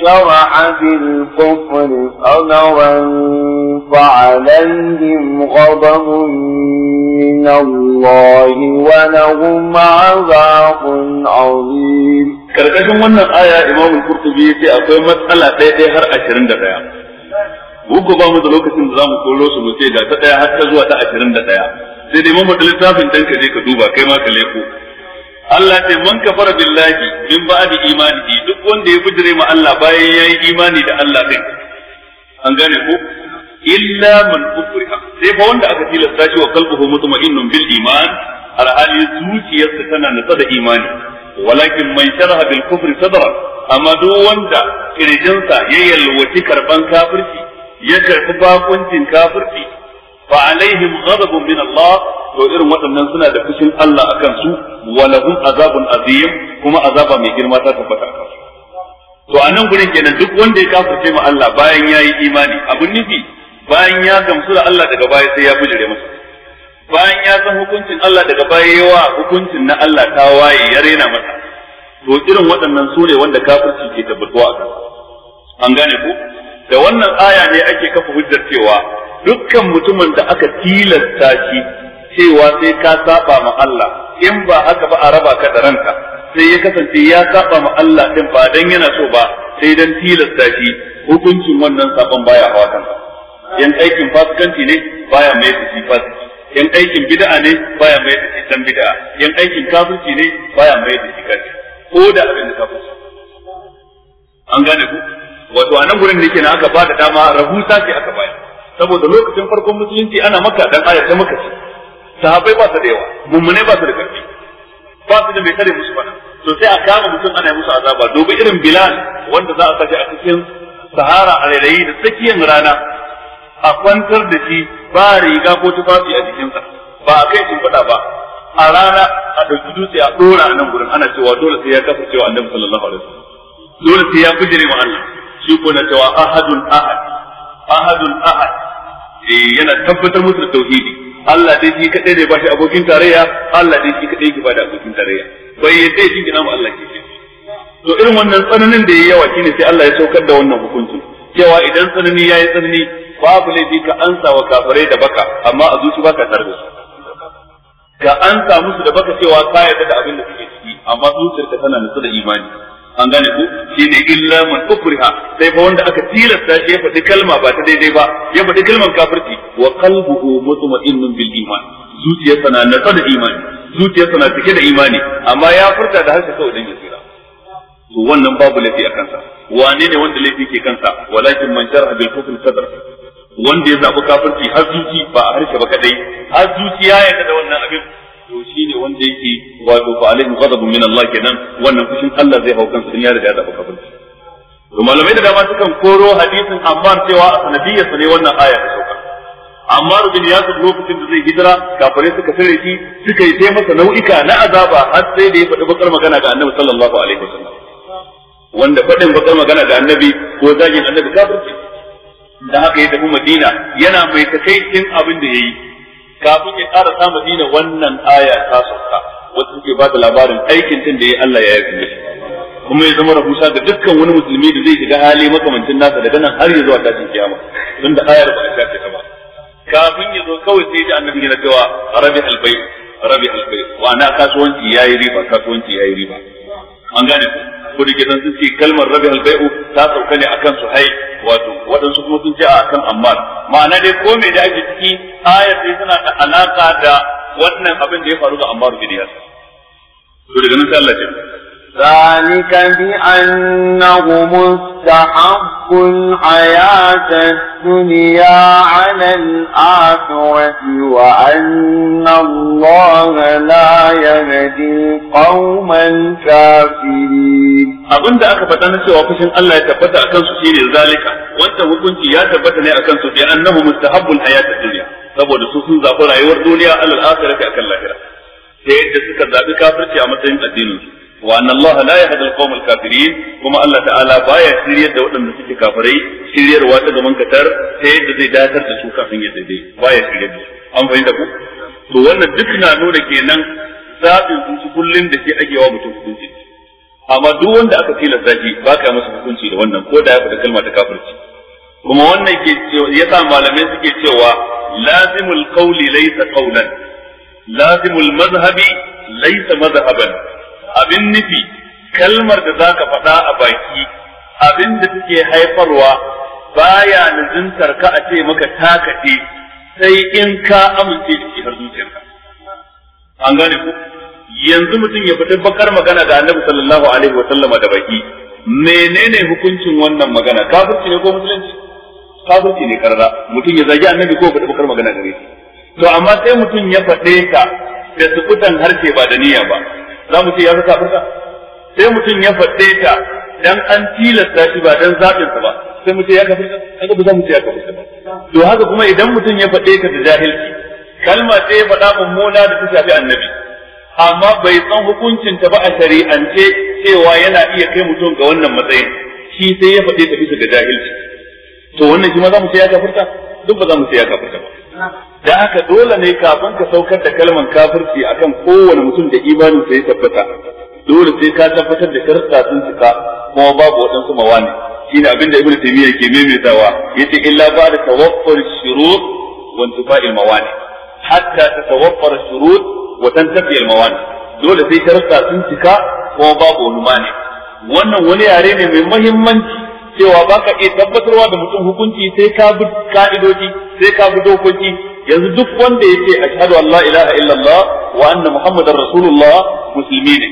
شرح بالكفر صدرا فعليهم غضب من الله ولهم عذاب عظيم karkashin wannan aya imam kurtubi ya ce akwai matsala ɗaya ɗaya har ashirin da ɗaya buku ba mu da lokacin da za mu koro su mu ce ga ta ɗaya har ta zuwa ta ashirin da ɗaya sai dai mamu da littafin ɗan ka je ka duba kai ma ka leko Allah ce man kafara billahi min ba'di imanihi duk wanda ya bijire ma Allah bayan yayi imani da Allah din an gane ko illa man ukriha sai fa wanda aka tilasta shi wa qalbuhu mutma'innun bil iman alhali zuciyarsa tana nutsa da imani walakin man sharaha bil kufri sadra amma duk wanda kirjinsa ya yalwaci karban kafirci ya karbi bakuncin kafirci fa alaihim ghadabun min Allah to irin waɗannan suna da fushin Allah akan su wa lahum azabun azim kuma azaba mai girma tabbata to a nan gurin kenan duk wanda ya kafirce ma Allah bayan ya yi imani abun nufi bayan ya gamsu da Allah daga baya sai ya bujire masa bayan ya san hukuncin Allah daga baya yawa hukuncin na Allah ta waye ya rena masa to irin waɗannan su ne wanda kafirci ke tabbatuwa a kansu an gane ku da wannan aya ne ake kafa hujjar cewa dukkan mutumin da aka tilasta shi cewa sai ka saba ma Allah in ba haka ba a raba ka da ranka sai ya kasance ya saba ma Allah din ba dan yana so ba sai dan tilasta shi hukuncin wannan saban baya hawa kansa yan aikin fasikanci ne baya mai shi fasiki yan aikin bid'a ne baya mai shi dan bid'a yan aikin kafirci ne baya mai shi kafirci ko da abin da kafirci an gane ku wato anan gurin da yake na aka ba da dama rahusa ce aka bayar saboda lokacin farkon musulunci ana maka dan aya ta maka ce sahabbai ba su da yawa mummune ba su da karfi ba su da mai kare musu ba to sai a kama mutum ana musu azaba dubi irin bilal wanda za a kashe a cikin sahara a rairayi da tsakiyar rana a kwantar da shi ba riga ko tufafi a jikinsa ba a kai sun fada ba a rana a dauki dutse a ɗora a nan gurin ana cewa dole sai ya kafa cewa annabi sallallahu alaihi wasallam dole sai ya bijire wa Allah shi ko na cewa ahadun ahad ahadun ahad eh yana tabbatar musu da tauhidi Allah dai shi kadai ne ba shi abokin tarayya Allah dai shi kadai ke ba da abokin tarayya bai yadda shi gina mu Allah ke to irin wannan tsananin da yayi yawa shine sai Allah ya saukar da wannan hukunci cewa idan tsanani yayi tsanani babu laifi ka ansa wa kafirai da baka amma a zuci baka tare da su ka ansa musu da baka cewa ka yarda da abin da suke ciki amma zuciyarka tana nutsu da imani an gane ku ne illa man ukriha sai fa wanda aka tilasta shi ya faɗi kalma ba ta daidai ba ya faɗi kalmar kafirci wa qalbuhu mutma'innun bil iman zuciyarsa na nasa da imani zuciyarsa na cike da imani amma ya furta da harshe kawai dan ya tsira to wannan babu laifi a kansa wane ne wanda laifi ke kansa walakin man jarha bil kufr sadr wanda ya zabi kafirci har zuci ba a harshe ba kadai har zuciya ya kada wannan abin to ne wanda yake wato fa alaihi ghadabun min Allah kenan wannan fushin Allah zai hau kansa in ya riga da baka barci to malamai da dama sukan koro hadisin Ammar cewa a sanadiyarsa ne wannan aya ta sauka Ammar bin Yasir lokacin da zai hijira kafirai suka tare shi suka yi sai masa nau'ika na azaba har sai da ya faɗi bakar magana ga Annabi sallallahu alaihi wasallam wanda faɗin bakar magana ga Annabi ko zagin Annabi kafirci da haka ya tafi Madina yana mai takaicin abin da yayi kafin ya ƙara sa Madina wannan aya ta sauka wacce take ba da labarin aikin din da ya Allah ya yi kuma ya zama rahusa ga dukkan wani musulmi da zai shiga hali makamancin nasa daga nan har ya zuwa tashin kiyama tun da ayar ba a shafi ta ba kafin ya zo kawai sai da annabi yana cewa rabi albai rabi albai wa na kasuwanci yayi riba kasuwanci yayi riba an gane ku burgidan gidan ce kalmar rabi albai'u ta sauka ne akan su hai wato waɗansu kuma sun ce a kan ammar ma'ana dai ko me da ake ciki ayar dai suna da alaka da wannan abin da ya faru ga ammar gidiyar. to daga nan sai Allah ya ذلك بأنهم استحبوا الحياة الدنيا على الآخرة وأن الله لا يهدي القوم الكافرين abin da aka faɗa na cewa fushin Allah ya tabbata akan su shine zalika wanda hukunci ya tabbata ne akan su saboda su sun zaɓi rayuwar duniya alal akhirati akan lahira sai yadda suka zaɓi kafirci a matsayin addinin su wa anna Allah la yahdi al-qawm kuma Allah ta'ala baya shiryar da waɗanda suke kafirai shiryarwa ta gaban katar ta yadda zai datar da su kafin ya daidai baya shiryar da su an fahimta ku to wannan duk na nuna kenan zaɓin kunci kullum da ke ake wa mutum hukunci amma duk wanda aka tilasta shi ba ka masa hukunci da wannan ko da ya faɗi kalma ta kafirci kuma wannan ke yasa malamai suke cewa lazimul qawli lazimul madhhabi laysa madhhaban abin nufi kalmar da zaka faɗa a baki abin da take haifarwa baya lazimtar ka a ce maka takaɗe, sai in ka amince da shi har zuciyarka an gane ku yanzu mutum ya fita bakar magana ga annabi sallallahu alaihi wa sallama da baki menene hukuncin wannan magana kafirci ne ko musulunci kafirci ne karara. mutum ya zagi annabi ko fita bakar magana gare shi to amma sai mutum ya faɗe ka da sukutan harshe ba da niyya ba za mu ce ya zaka furta sai mutum ya faɗe ta dan an tilasta shi ba dan zaɓin ba sai mu ce ya kafirta kaga ba za mu ce ya kafirta ba to haka kuma idan mutum ya faɗe ta da jahilci kalma ce ya faɗa mummuna da ta shafi annabi amma bai san hukuncin ta ba a shari'ance cewa yana iya kai mutum ga wannan matsayin shi sai ya faɗe ta bisa ga jahilci to wannan shi ma za mu ce ya kafirta duk ba za mu ce ya kafirta ba da haka dole ne kafin ka saukar da kalman kafirci akan kowane mutum da imanin sa ya tabbata dole sai ka tabbatar da karsa sun cika kuma babu waɗansu mawani shine abin da ibnu taymiya ke maimaitawa yace illa ba da tawaffur shurut wa intifa'il mawani hatta tatawaffar shurut wa tantafi al mawani dole sai karsa sun cika kuma babu wani mani wannan wani yare ne mai muhimmanci cewa baka iya tabbatarwa da mutum hukunci sai ka bi ka'idoji sai ka bi dokoki yanzu duk wanda yake ashhadu an la ilaha illallah wa anna muhammadar rasulullah musulmi ne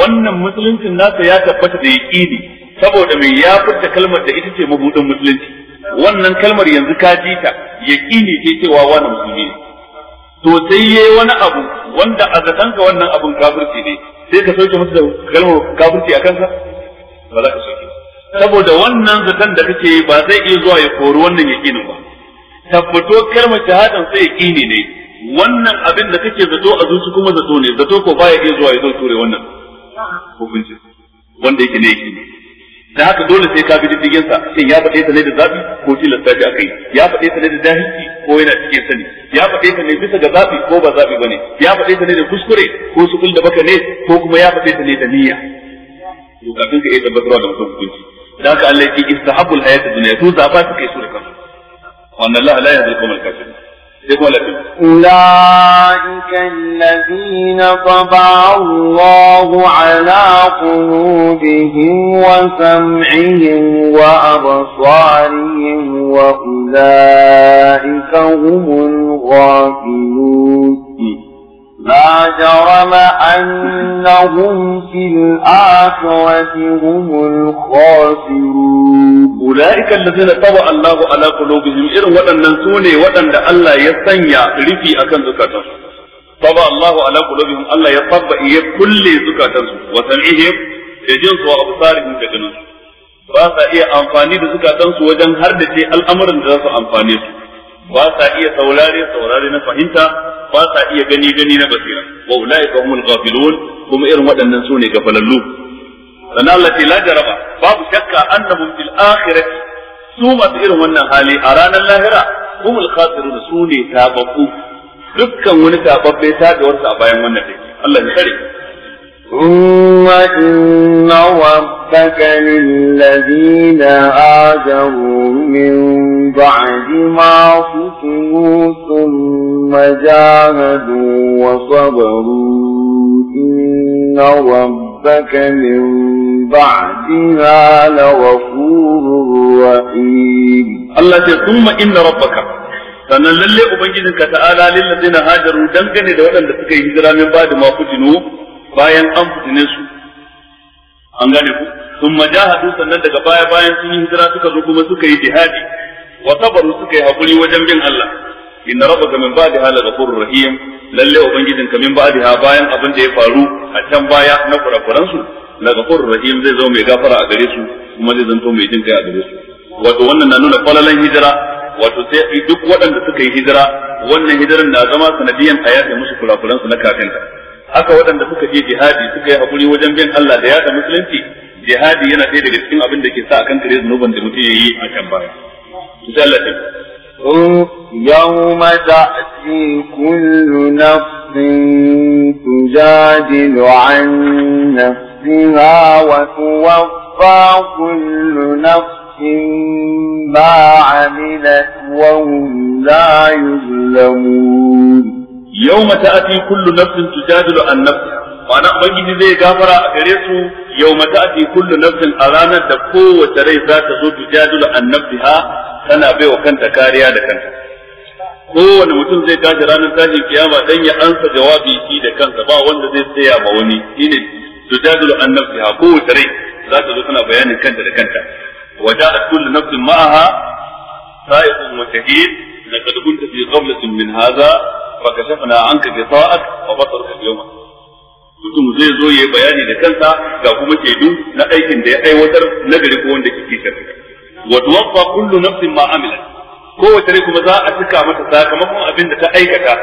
wannan musuluncin nasa ya tabbata da yaqini saboda mai ya furta kalmar da ita ce mabudin musulunci wannan kalmar yanzu ka ji ta yaqini ce cewa wani musulmi ne to sai yayi wani abu wanda a zatanka wannan abun kafirci ne sai ka soke masa da kalmar kafirci a kansa ba za ka soke saboda wannan zaton da kake ba zai iya zuwa ya kori wannan yaqinin ba tabbato karma shahadan sai yaqini ne wannan abin da kake zato a zuci kuma zato ne zato ko baya iya zuwa ya zo ture wannan hukunci wanda yake ne yaqini da haka dole sai ka bi diddigin sa shin ya faɗe ta ne da zabi ko lissafi a kai, ya faɗe ta ne da jahilci ko yana cikin sani ya faɗe ta ne bisa ga zabi ko ba zabi bane ya faɗe ta ne da kuskure ko su da baka ne ko kuma ya faɗe ta ne da niyya to kafin ka iya tabbatarwa da mutum hukunci da haka Allah yake istahabul hayatid dunya to zaba suka yi su da kansu وأن الله لا يهدي القوم الكافرين أولئك الذين طبع الله على قلوبهم وسمعهم وأبصارهم وأولئك هم الغافلون لا جرم أنهم في الآخرة هم الخاسرون أولئك الذين طبع الله على قلوبهم إذا ودن ننسوني ودن لألا يستنيا رفي أكن زكاة طبع الله على قلوبهم ألا يطبع إيه كل زكاة وسمعهم يجنس وأبصارهم كجنس فأسا إيه أنفاني amfani وجن هردتي الأمر hardace al'amuran ba sa iya saurare saurare na fahimta ba sa iya gani gani na basira wa ulaika humul ghafilun kuma irin waɗannan su ne gafalallu sannan Allah ce la jaraba babu shakka annahum fil akhirati su masu irin wannan hali a ranar lahira humul khasirun su ne tababbu dukkan wani tababbe tabewarsa a bayan wannan take Allah ya tsare ثم إن ربك للذين آجروا من بعد ما فتنوا ثم جاهدوا وصبروا إن ربك من بعدها لغفور رحيم الله ثم إن ربك sannan lalle ubangijinka ta'ala lillazina hajaru dangane da waɗanda suka yi hijira min ba da ma bayan an fitine su an gane ku sun majahadu sannan daga baya bayan sun yi hijira suka zo kuma suka yi jihadi wa sabaru suka yi hakuri wajen bin Allah inna rabbaka min ba'di hala ghafurur rahim lalle ubangijin ka min ha bayan abin da ya faru a can baya na kurakuran su la ghafurur rahim zai zo mai gafara a gare su kuma zai zanto mai jin kai a gare su wato wannan na nuna falalan hijira wato sai duk waɗanda suka yi hijira wannan hijiran na zama sanadiyan a musu kurakuran su na kafinta haka waɗanda suka je jihadi suka yi hakuri wajen bin Allah da yaɗa musulunci jihadi yana ɗaya daga cikin abin da ke sa a kan kare zunuban da mutum ya yi a can baya insha Allah ta يوم تأتي كل نفس تجادل عن نفسها وتوفى كل نفس ما عملت وهم لا يظلمون yawma ta'ati kullu nafsin tujadilu an nafsiha ma'ana ubangiji zai gafara a gare su yawma ta'ati kullu nafsin a ranar da kowace rai za ta zo tujadilu an nafsiha tana baiwa kanta kariya da kanta kowane mutum zai tashi ranar tashin kiyama dan ya ansa jawabi shi da kansa ba wanda zai tsaya ma wani shine tujadilu an nafsiha kowace rai za ta zo tana bayanin kanta da kanta وجاءت كل ma'aha, معها سائق وشهيد لقد كنت في قبلة من هذا fa kashafna anka ghita'ak wa basaruka al-yawma mutum zai zo ya bayani da kansa ga kuma shaidu na aikin da ya aiwatar na gari ko wanda ke kishin wa tuwaffa kullu nafsin ma amilat kowace rai kuma za a cika mata sakamakon abin da ta aikata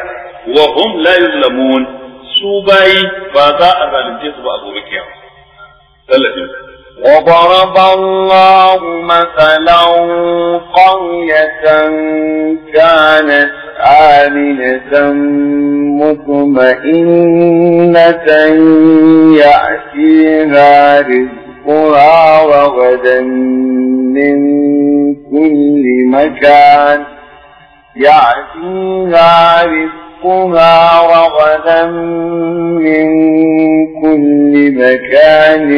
wa hum la yuzlamun su bayi ba za a zalunce su ba a gobe kiyama sallatu وضرب الله مثلا قرية كانت آمنة مطمئنة يأتيها رزقها رغدا من كل مكان يأتيها رزقها رغدا من كل مكان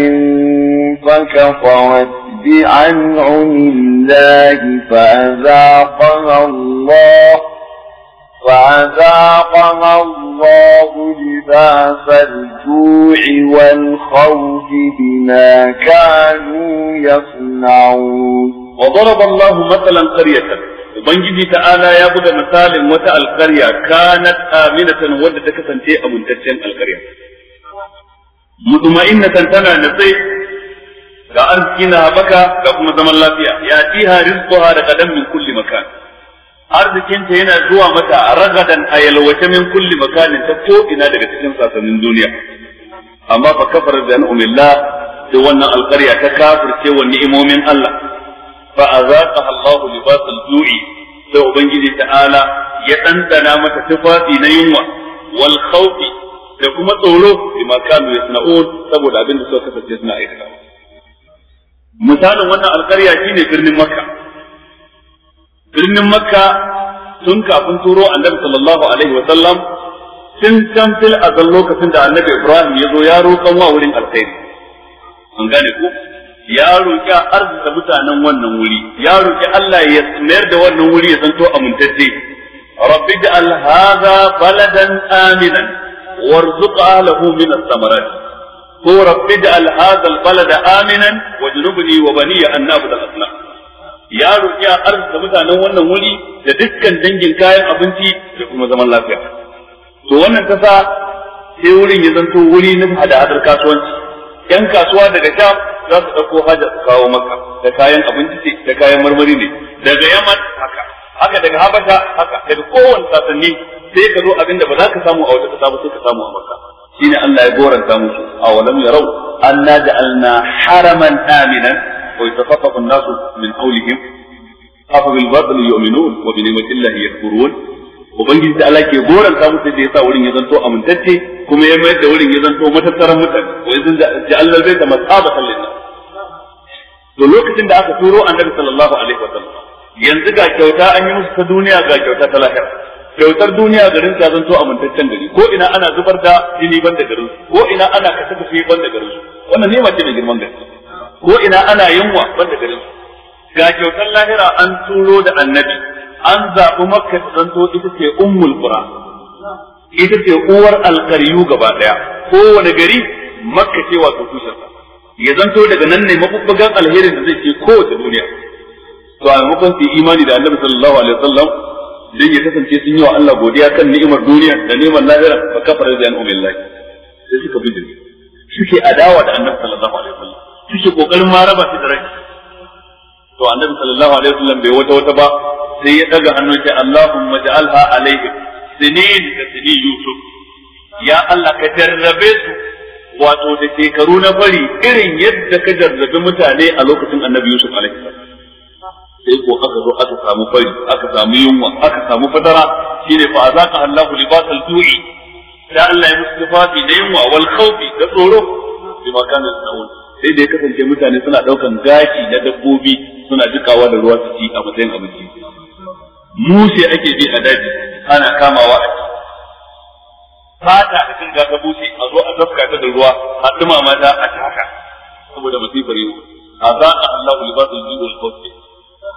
فكفرت بأنعم الله فأذاقها الله فأذاقها الله لباس الجوع والخوف بما كانوا يصنعون وضرب الله مثلا قرية Ubangiji ta'ala ya buga misalin wata alkarya kanat aminatan wadda ta kasance abuntaccen alkarya. Mutuma'innatan tana natsai ga arziki na haɓaka ga kuma zaman lafiya, ya tiha rizquha da kadan min kulli makan. arzikinta yana zuwa mata ragadan a yalwace min kulli makanin ta ko ina daga cikin sasannin duniya amma fa kafar bi an'umillah da wannan alƙarya ta kafirce wa ni'imomin Allah fa azaqaha Allah libas al-ju'i sai ubangiji ta'ala ya dandana mata tufafi na yunwa wal khawfi da kuma tsoro bima kanu yasna'un saboda abin da suka kasance suna aikatawa misalin wannan alƙarya shine birnin Makka birnin makka tun kafin turo annabi sallallahu alaihi wa sallam tun can fil azal lokacin da annabi ibrahim ya zo ya roƙon wa wurin alkhairi an gane ku ya roƙi arzika mutanen wannan wuri ya roƙi Allah ya mayar da wannan wuri ya zanto amintacce rabbi ja'al hadha baladan aminan warzuq ahlihi min ath-thamarat ko rabbi ja'al hadha al-balada aminan wajnubni wa bani an na'budu al-asnam ya roƙi a arzika mutanen wannan wuri da dukkan dangin kayan abinci da kuma zaman lafiya to wannan ta sa sai wurin ya zanto wuri na hada-hadar kasuwanci yan kasuwa daga sha za su ɗauko haja su kawo maka da kayan abinci ce, da kayan marmari ne daga yaman haka haka daga habasha haka daga kowane sasanni sai ka zo abinda ba za ka samu a wata kasa ba sai ka samu a Shi shine Allah ya goranta musu a walam yarau anna ja'alna haraman aminan ويتخطف الناس من حولهم أفبالباطل يؤمنون وبنعمة الله يكفرون ubangiji ta Allah ke goranta musu da yasa wurin ya zanto amintacce kuma ya mayar da wurin ya zanto matattaran mutane wa yanzu da Allah zai ta masabatan linnas to lokacin da aka turo annabi sallallahu alaihi wa sallam yanzu ga kyauta an yi musu ta duniya ga kyauta ta lahira kyautar duniya garin ta zanto amintaccen gari ko ina ana zubar da jini banda garin ko ina ana kasa ban banda garin wannan ne mace mai girman gaske ko ina ana yunwa wanda garin ga kyautar lahira an turo da annabi an zaɓi makka ta zanto ita ce ummul qura ita ce uwar alƙaryu gaba ɗaya kowane gari makka ce wato tushensa ya zanto daga nan ne mabubbugan alherin da zai ce kowace duniya to a maimakon su imani da annabi sallallahu alaihi wasallam dan ya kasance sun yi wa Allah godiya kan ni'imar duniya da ni'imar lahira fa kafara bi an'amillahi sai suka bijiri suke adawa da annabi sallallahu alaihi wasallam suke kokarin ma raba shi da rai to annabi sallallahu alaihi wasallam bai wata wata ba sai ya daga hannu ya ce Allahumma ja'alha alaihim sinin da sini yusuf ya Allah ka jarrabe su wato da shekaru na fari irin yadda ka jarrabe mutane a lokacin annabi yusuf alaihi sai ko aka zo aka samu fari aka samu yunwa aka samu fatara shine fa azaka Allahu libasal ju'i da Allah ya musu tufafi da yunwa wal khawfi da tsoro bima kana yasnaun sai da ya kasance mutane suna daukan gashi na dabbobi suna jikawa da ruwa su ci a matsayin abinci sai ake bi a daji ana kamawa a ci fata a cikin ta bushe a zo a zafka ta da ruwa a dumama ta a ci haka saboda masifar yau a za a Allahu libasul jibu wal khawfi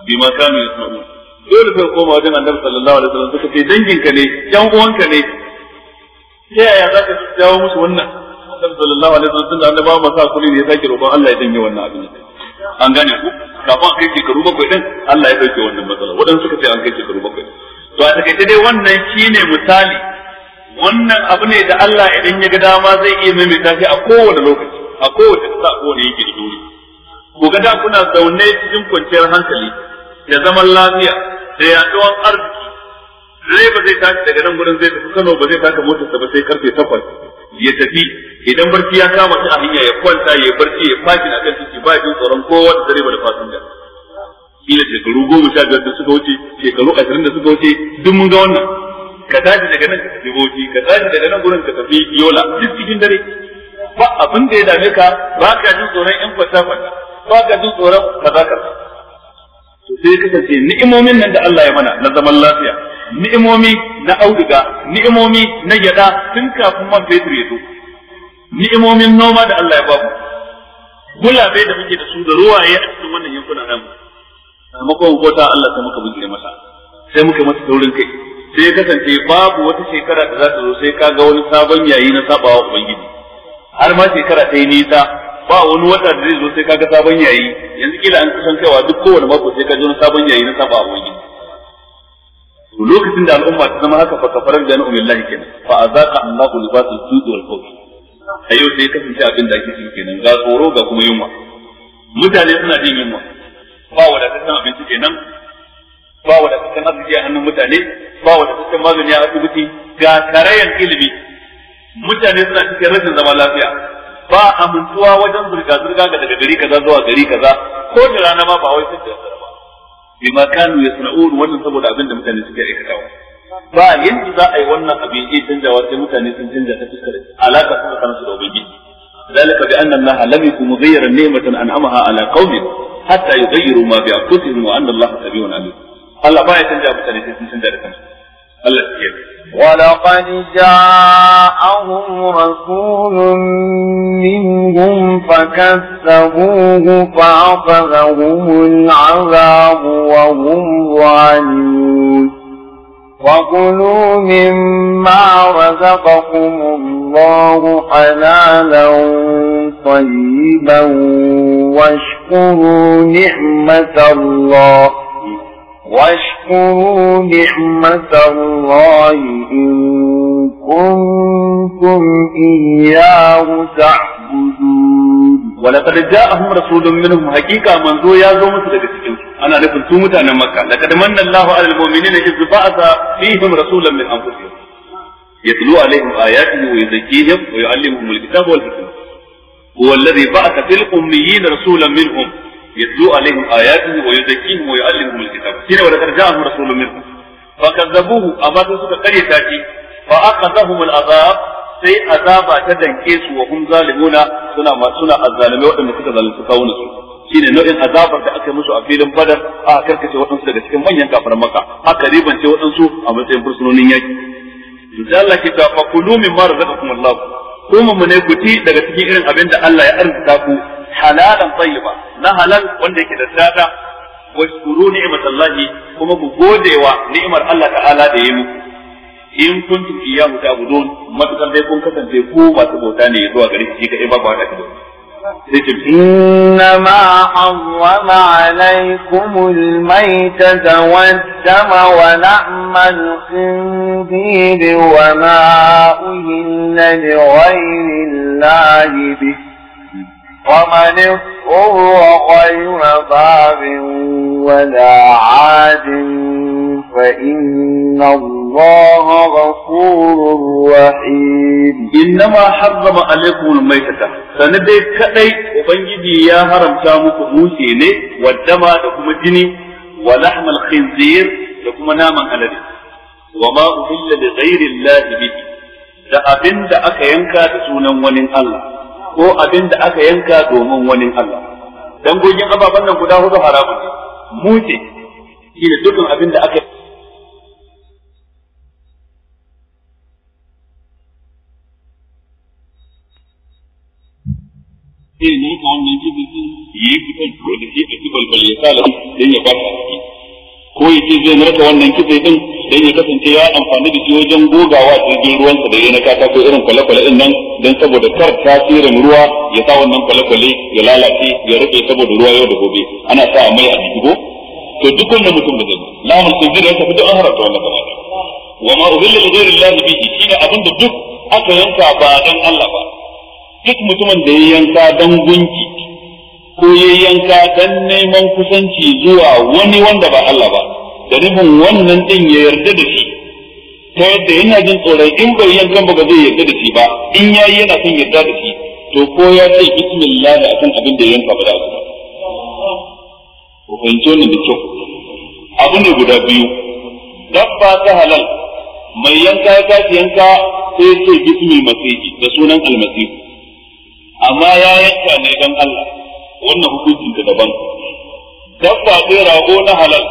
bima kanu yasma'un dole sai koma wajen annabi sallallahu alaihi wasallam suka ce danginka ne yan uwanka ne ta yaya za ka jawo musu wannan annabi sallallahu alaihi wasallam tunda annabawa masu kuli ne ya sake roƙon Allah ya janye wannan abin an gane ku kafin kai shekaru bakwai din Allah ya dauke wannan matsala Wadan suka ce an kai shekaru bakwai to a takaice dai wannan shine misali wannan abu ne da Allah idan ya ga dama zai iya maimaita shi a kowane lokaci a kowace kasa a kowane yake da dole ku ga da kuna zaune cikin kwanciyar hankali da zaman lafiya da yaduwan arziki direba zai tashi daga nan gurin zai tafi Kano ba zai taka motarsa ba sai karfe takwas ya tafi idan barci ya kama shi a hanya ya kwanta ya barci ya fashi a kan titi ba jin tsoron kowa da dare ba da fasinja kila shekaru goma sha biyar da suka wuce shekaru ashirin da suka wuce duk mun ga wannan ka tashi daga nan ka tafi bauchi ka tashi daga nan gurin ka tafi yola duk cikin dare ba abin da ya dame ka ba ka jin tsoron yan kwanta kwanta ba ka jin tsoron kaza kaza to sai kasance ni'imomin nan da Allah ya mana na zaman lafiya ni'imomi na auduga ni'imomi na gyada tun kafin man fetur ya zo ni'imomin noma da Allah ya ba mu gulabe da muke da su da ruwaye a cikin wannan yankuna namu sakamakon kota Allah sai muka bijire masa sai muka masa taurin kai sai ya kasance babu wata shekara da za ta zo sai ka ga wani sabon yayi na sabawa ubangiji har ma shekara ta yi nisa ba wani wata da zai zo sai ka ga sabon yayi yanzu kila an kusan kaiwa duk kowane mako sai ka ji wani sabon yayi na sabawa ubangiji lokacin da al'umma ta zama haka fa kafarar jami'u billahi kenan fa azaqa Allahu libasal ju'i wal khawf a yau sai kasance abin da ake ciki kenan ga tsoro ga kuma yunwa mutane suna jin yunwa ba wadataccen abinci kenan ba wadataccen arziki a hannun mutane ba wadataccen magani a asibiti ga karayan ilimi mutane suna cikin rashin zama lafiya ba amintuwa wajen zurga-zurga ga daga gari kaza zuwa gari kaza ko da rana ma ba wai sun da ba bi ma kanu yasna'un wannan saboda abin da mutane suke aikatawa ba yanzu za a yi wannan ya iya wa sai mutane sun canja ta fuskar alaka su da ubangiji ذلك بأن الله لم يكن مغيرا نعمة أنعمها على قوم حتى يغيروا ما بأنفسهم وأن الله سميع عليم. الله ما يتنجى mutane sun da kansu. Allah ya ولقد جاءهم رسول منهم فكذبوه فأخذهم العذاب وهم ظالمون وكلوا مما رزقكم الله حلالا طيبا واشكروا نعمة الله واشكروا نعمة الله إن كنتم إياه تعبدون ولقد جاءهم رسول منهم حقيقة من زو يا زو musu daga cikin ana nufin su mutanen Makka laqad manna Allahu alal mu'minina iz ba'atha fihim rasulan min anfusihim yatlu alaihim ayatihi wa yuzakkihim wa yu'allimuhum alkitaba wal hikma huwa alladhi ba'atha fil ummiyyin rasulan minhum yatlu alaihim ayatihi wa yuzakkihim wa yu'allimuhum alkitaba kina wa laqad ja'ahum suka sai azaba ta danke su wa hum zalimuna suna suna azzalume waɗanda suka zalunci kawunan su shine nau'in azabar da aka musu a filin badar a karkace waɗansu daga cikin manyan kafar maka aka ribance waɗansu a matsayin fursunonin yaki Allah ke ta fa kulu min ma razaqakum Allah mu ne ku daga cikin irin abin da Allah ya arzuta ku halalan tayyiba na halal wanda yake da tsada wa shkuru ni'matallahi kuma ku godewa ni'mar Allah ta'ala da ya muku in kuntum iyyahu ta'budun matakar dai kun kasance ko masu bauta ne zuwa gare shi ka ba ba da إنما حرم عليكم الميتة والدم ولحم الخنزير وما أهل لغير الله به ومن اضطر غير باب ولا عاد فإن الله غفور رحيم إنما حرم عليكم الميتة سندي كأي وبنجي يا هرم تامك موسيني والدمى لكم الجني ولحم الخنزير لكم ناما ألدي وما أهل لغير الله به da abin da aka yanka da sunan wani Allah ko abin da aka yanka domin wani Allah dangogin ababen nan guda hudu haramun ne shi dukkan abin da aka sai ne ka wannan kibisin yi fitan ko da shi a kibalbal ya sala dan ya ba ta ciki ko ya ce zai narka wannan kitse din dan ya kasance ya amfani da shi wajen gogawa jirgin ruwansa da yana kata ko irin kwale-kwale din nan dan saboda kar tasirin ruwa ya sa wannan kwale-kwale ya lalace ya rufe saboda ruwa yau da gobe ana sa mai a jiki ko to duk wannan mutum da zai lamun sun zira ya tafi duk an haramta wannan gaba wa ma uhilla li ghayri Allah bihi shine abinda duk aka yanka ba dan Allah ba duk mutumin da ya yanka don gunki ko ya yanka don neman kusanci zuwa wani wanda ba Allah ba da nufin wannan din ya yarda da shi ta yadda yana jin tsoron in bai yanka ba ba zai yarda da shi ba in ya yi yana son yarda da shi to ko ya ce bismillah da akan abin da yanka ba za ku ku fahimci wannan da kyau abu ne guda biyu dabba ta halal mai yanka ya tashi yanka sai ce bismillah masihi da sunan almasihu amma ya yanka ne don Allah wannan hukuncin ta daban dabba ce rago na halal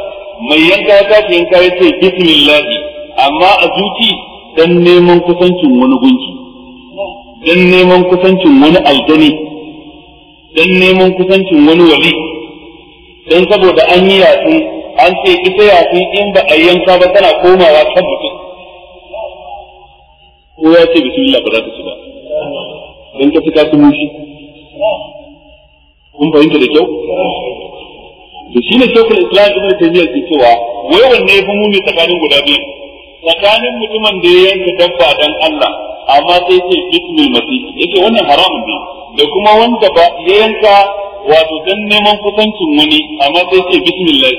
mai yanka ya tashi yanka ya ce bismillah amma a zuci dan neman kusancin wani gunki dan neman kusancin wani aljani dan neman kusancin wani wali dan saboda an yi yatsu an ce ita yatsu in ba a yanka ba tana komawa kan mutum ko ya ce bismillah ba za ta ci ba in ka fita kuma mushi kun fahimta da kyau to shine shekul islam ibn taymiya ke cewa wai wanne ya fi muni tsakanin guda biyu tsakanin mutumin da ya yanka dabba dan Allah amma sai ce ismul masih yake wannan haramun ne da kuma wanda ba ya yanka wato dan neman kusancin wani amma sai ce bismillah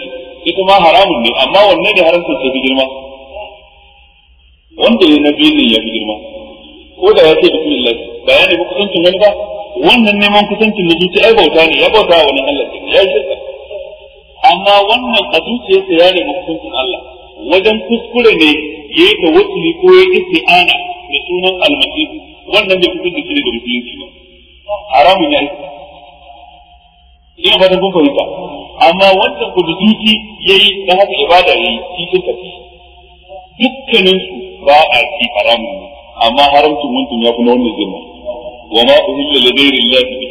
ita ma haramun ne amma wanne da haramta ce bi girma wanda ya nabi ne ya girma ko da ya ce bismillah ba ya nemi kusancin wani ba wannan neman kusancin da zuci ai bauta ne ya bauta wa wani Allah ne ya shirka amma wannan a zuciyarsa ya nemi kusancin Allah wajen kuskure ne ya yi ta wasu ne ko ya isti'ana da sunan almasihu wannan bai fitar da shi daga musulunci ba haramun ya yi ina fatan kun fahimta amma wannan ku da zuci yi da haka ibada yayi shi shirka dukkanin dukkaninsu ba a ci haramun ne amma haramcin wancan ya fi na wannan girma wa ma uhilla li ghayri llahi bi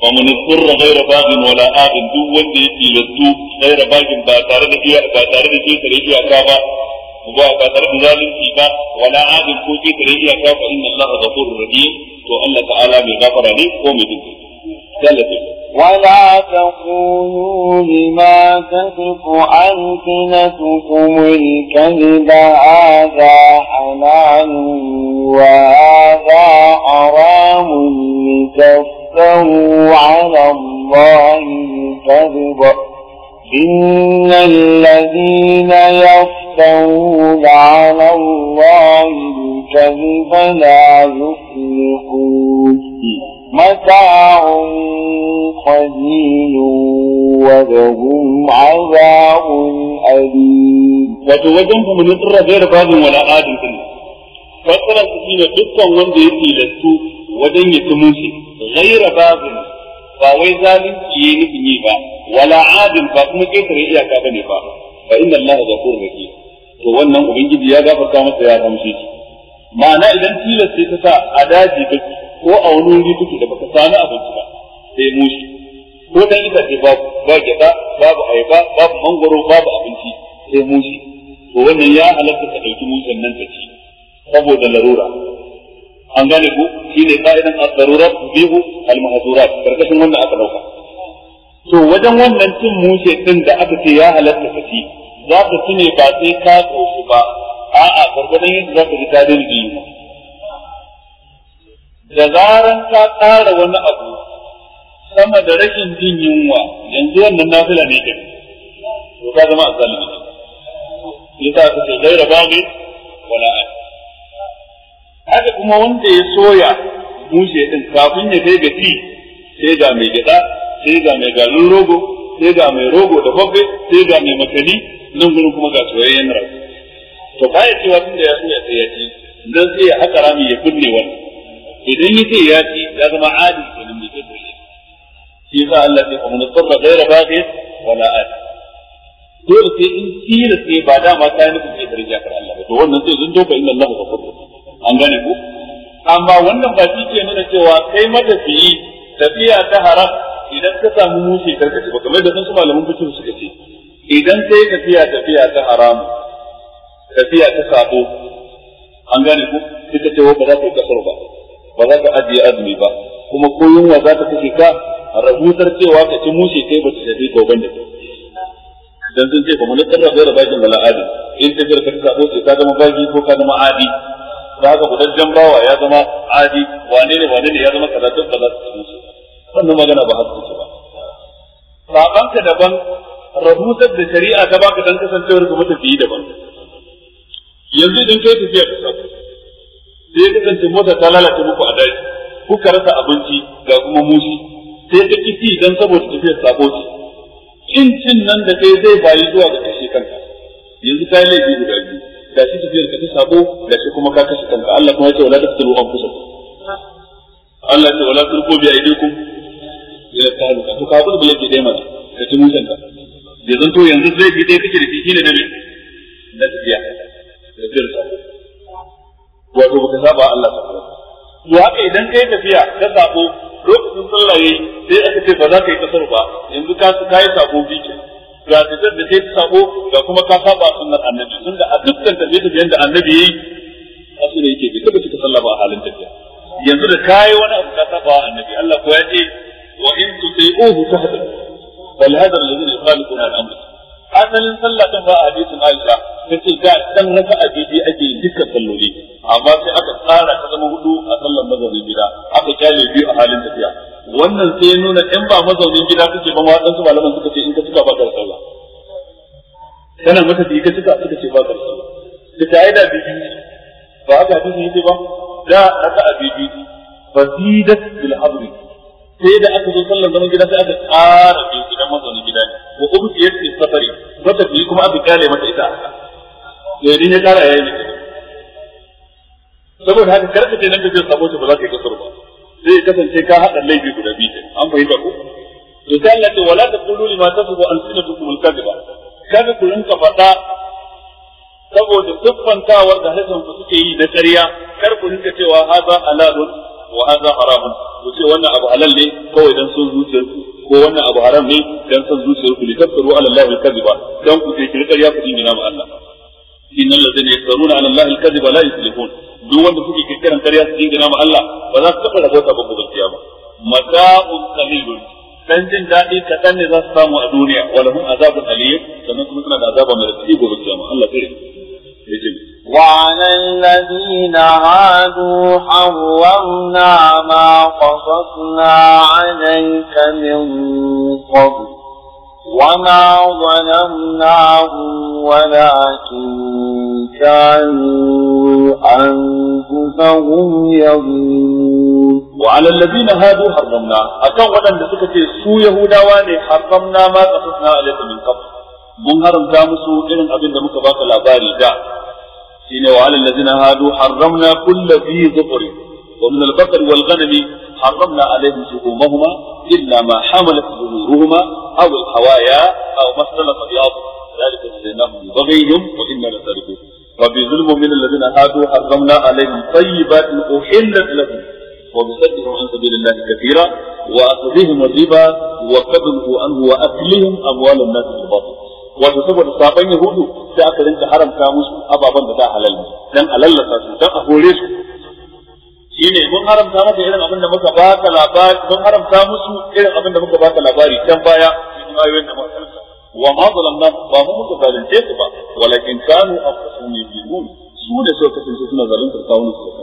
fa man furra ghayra baghin wala adin duk wanda yake lattu ghayra baghin ba tare da iya ba tare da ke tare iyaka ba ba ba tare da zalunci ba wala adin ko ke tare iyaka fa inna allaha ghafurur rahim to Allah ta'ala mai gafara ne ko mai dinki sallallahu ولا تقولوا لما تصف ألسنتكم الكذب هذا حلال وهذا حرام لتفتروا على الله الكذب إن الذين يفترون على الله الكذب لا يفلحون متاع قليل ولهم عذاب أليم وتوجنهم من يقر غير باب ولا عاد كنا فسر السكينة دكا وند يتيلتو ودن يتموسي غير باب فاوي ذلك ينبني با ولا عاد فاكم كيف رئيا كابني با فإن الله غفور رحيم to wannan ubangiji ya gafarta masa ya gamshe shi ma'ana idan tilas sai ta sa a daji kake ko a wani wuri take da baka sami abinci ba sai mushi ko dan ita ce babu ba gyada babu ayaba babu mangoro babu abinci sai mushi to wannan ya halatta ka dauki mushin nan ka ci saboda larura an gane ku shi ne shine a larura ku bihu al karkashin wannan aka dauka to wajen wannan cin mushe din da aka ce ya halatta ka ci za ka tune ba sai ka koshi ba a'a gargadan yadda za ka ji ta daina yi da zaran ka ƙara wani abu sama da rashin jin yunwa yanzu wannan fila ne kai to ka zama a zalimi yasa ka ce gaira babu wala an haka kuma wanda ya soya mushe din kafin ya kai ga fi sai ga mai gyaɗa, sai ga mai garin rogo sai ga mai rogo da babbe sai ga mai makani nan gurin kuma ga soyayyen rago to baya cewa tun da ya soya sai ya ci dan sai ya haka rami ya kunne wani idan yace ya ci ya zama adil kenan mai kyau ne shi yasa Allah ya kuma nusarra gaira baghin wala adil dole sai in kila sai ba da ma ta nufi mai daraja kar Allah ba to wannan sai zan doka inna Allah ghafurur an gane ku amma wannan ba shi ke nuna cewa kai matafiyi tafiya ta haram idan ka samu mushe karkace ba kamar da sun su malaman fitin suka ce idan sai tafiya tafiya ta haram tafiya ta sabo an gane ku suka ce ba za ku kasar ba ba za ka ajiye azumi ba kuma ko yunwa za ta kashe ka rahutar cewa ka ci mushe kai ba ta shafi ka ban da kai dan sun ce kuma na tsara zai bakin wala adi in ta garka ta ko ka zama baki ko ka zama adi da ka kudajjen bawa ya zama adi wane ne wane ne ya zama kaza duk ba za su ci mushe wannan magana ba haka ce ba sabanka daban rahutar da shari'a ta baka dan kasancewar ka mutafiyi daban yanzu idan kai tafiya ka sabo sai ya kasance mota ta lalace muku a daji kuka rasa abinci ga kuma mushi sai ta kifi don saboda tafiyar sabo ce cin cin nan da kai zai bayi zuwa ga kashe kanka yanzu yi laifi guda biyu da shi tafiyar ka ta sabo da shi kuma ka kashe kanka Allah kuma ya ce wala taqtulu kusa Allah ya ce wala idan bi ya ila tahluka to ka abu da laifi dai mata da ci mushen ka da to yanzu zai bi dai kake da shi ne da me da tafiya da tafiyar sabo wato baka saba Allah ta to haka idan kai tafiya ka sabo lokacin sallah yayi sai aka ce ba za ka yi kasar ba yanzu ka ka yi sabo bikin ga tafiyar da kai sabo ga kuma ka saba sunnar annabi tunda a dukkan tafiye-tafiyen da annabi yayi asu ne yake bai taba cika sallah ba a halin tafiya yanzu da ka yi wani abu ka saba annabi Allah ko ya ce wa in tuti'uhu tahtadu bal zai alladhi yukhalifuna al al'amur. asalin sallah kan ba a hadisin Aisha ce da dan raka a bibi ake yin dukkan salloli amma sai aka tsara ta zama hudu a sallar mazaunin gida aka kyale biyu a halin tafiya wannan sai nuna in ba mazaunin gida kake ba ma su malaman suka ce in ka cika ba ka sallah kana mata da ka cika suka ce ba ka sallah da tayi da bibi ba haka hadisi yake ba da raka a bibi fasidat bil abri sai da aka zo sallar zaman gida sai aka tsara biyu idan mazaunin gida ne wa ubtiyat fi safari mata kuma aka kyale mata ita yau ne ya yi kara yayi saboda haka karka ce nan da zai sabo ba za ka yi kasar ba sai ya kasance ka haɗa laifi guda biyu an fahimta ko to sai Allah ce wala taqulu lima tasifu alsinatukum alkadhiba kada ku rinka faɗa saboda siffantawar da hasan ku suke yi na ƙarya kar ku rinka cewa haza halalun wa haza haramun ku ce wannan abu halal ne kawai dan son zuciyar ko wannan abu haram ne dan son zuciyar ku ne kafaru ala Allah alkadhiba dan ku ce ƙarya ku dingina ma Allah إن الذين يفترون على الله الكذب لا يفلحون دو وند كوكي كيكيران كريا سيدي جنام الله فذا تقل أبوتا بقبض القيامة متاع قليل تنجن دائي كتن ذا سامو أدونيا ولهم عذاب أليم كما كنتنا عذاب مرسي بقبض القيامة الله كريم يجب وعلى الذين عادوا حرمنا ما قصصنا عليك من قبل وما ظلمناهم ولكن كانوا أنفسهم يظلمون وعلى الذين هادوا حرمنا أكون ودن بسكة سو يهودا واني حرمنا ما قصصنا عليك من قبل من هرم دامسو إلن أبن دمك باك الأباري دا سين وعلى الذين هادوا حرمنا كل ذي ظفر ومن البقر والغنم حرمنا عليهم شحومهما إلا ما حملت ظهورهما أو الحوايا أو ما اختلط ذلك جزيناهم بغيهم وإنا لتاركون وبظلم من الذين هادوا حرمنا عليهم طيبات أحلت لهم وبصدهم عن سبيل الله كثيرا وأخذهم الربا وقبله عنه وأكلهم أموال الناس بالباطل wato saboda saban yahudu sai aka rinka haramta musu ababen da da halal ne dan alallata su dan a hore su shine mun haramta maka irin abin da muka baka labari mun haramta musu irin abin da muka baka labari can baya cikin ayoyin da muka wa ma zalamna ba mu muka zalunce su ba walakin kanu anfusahum yajibun su da suka kasance suna zalunta kawunan su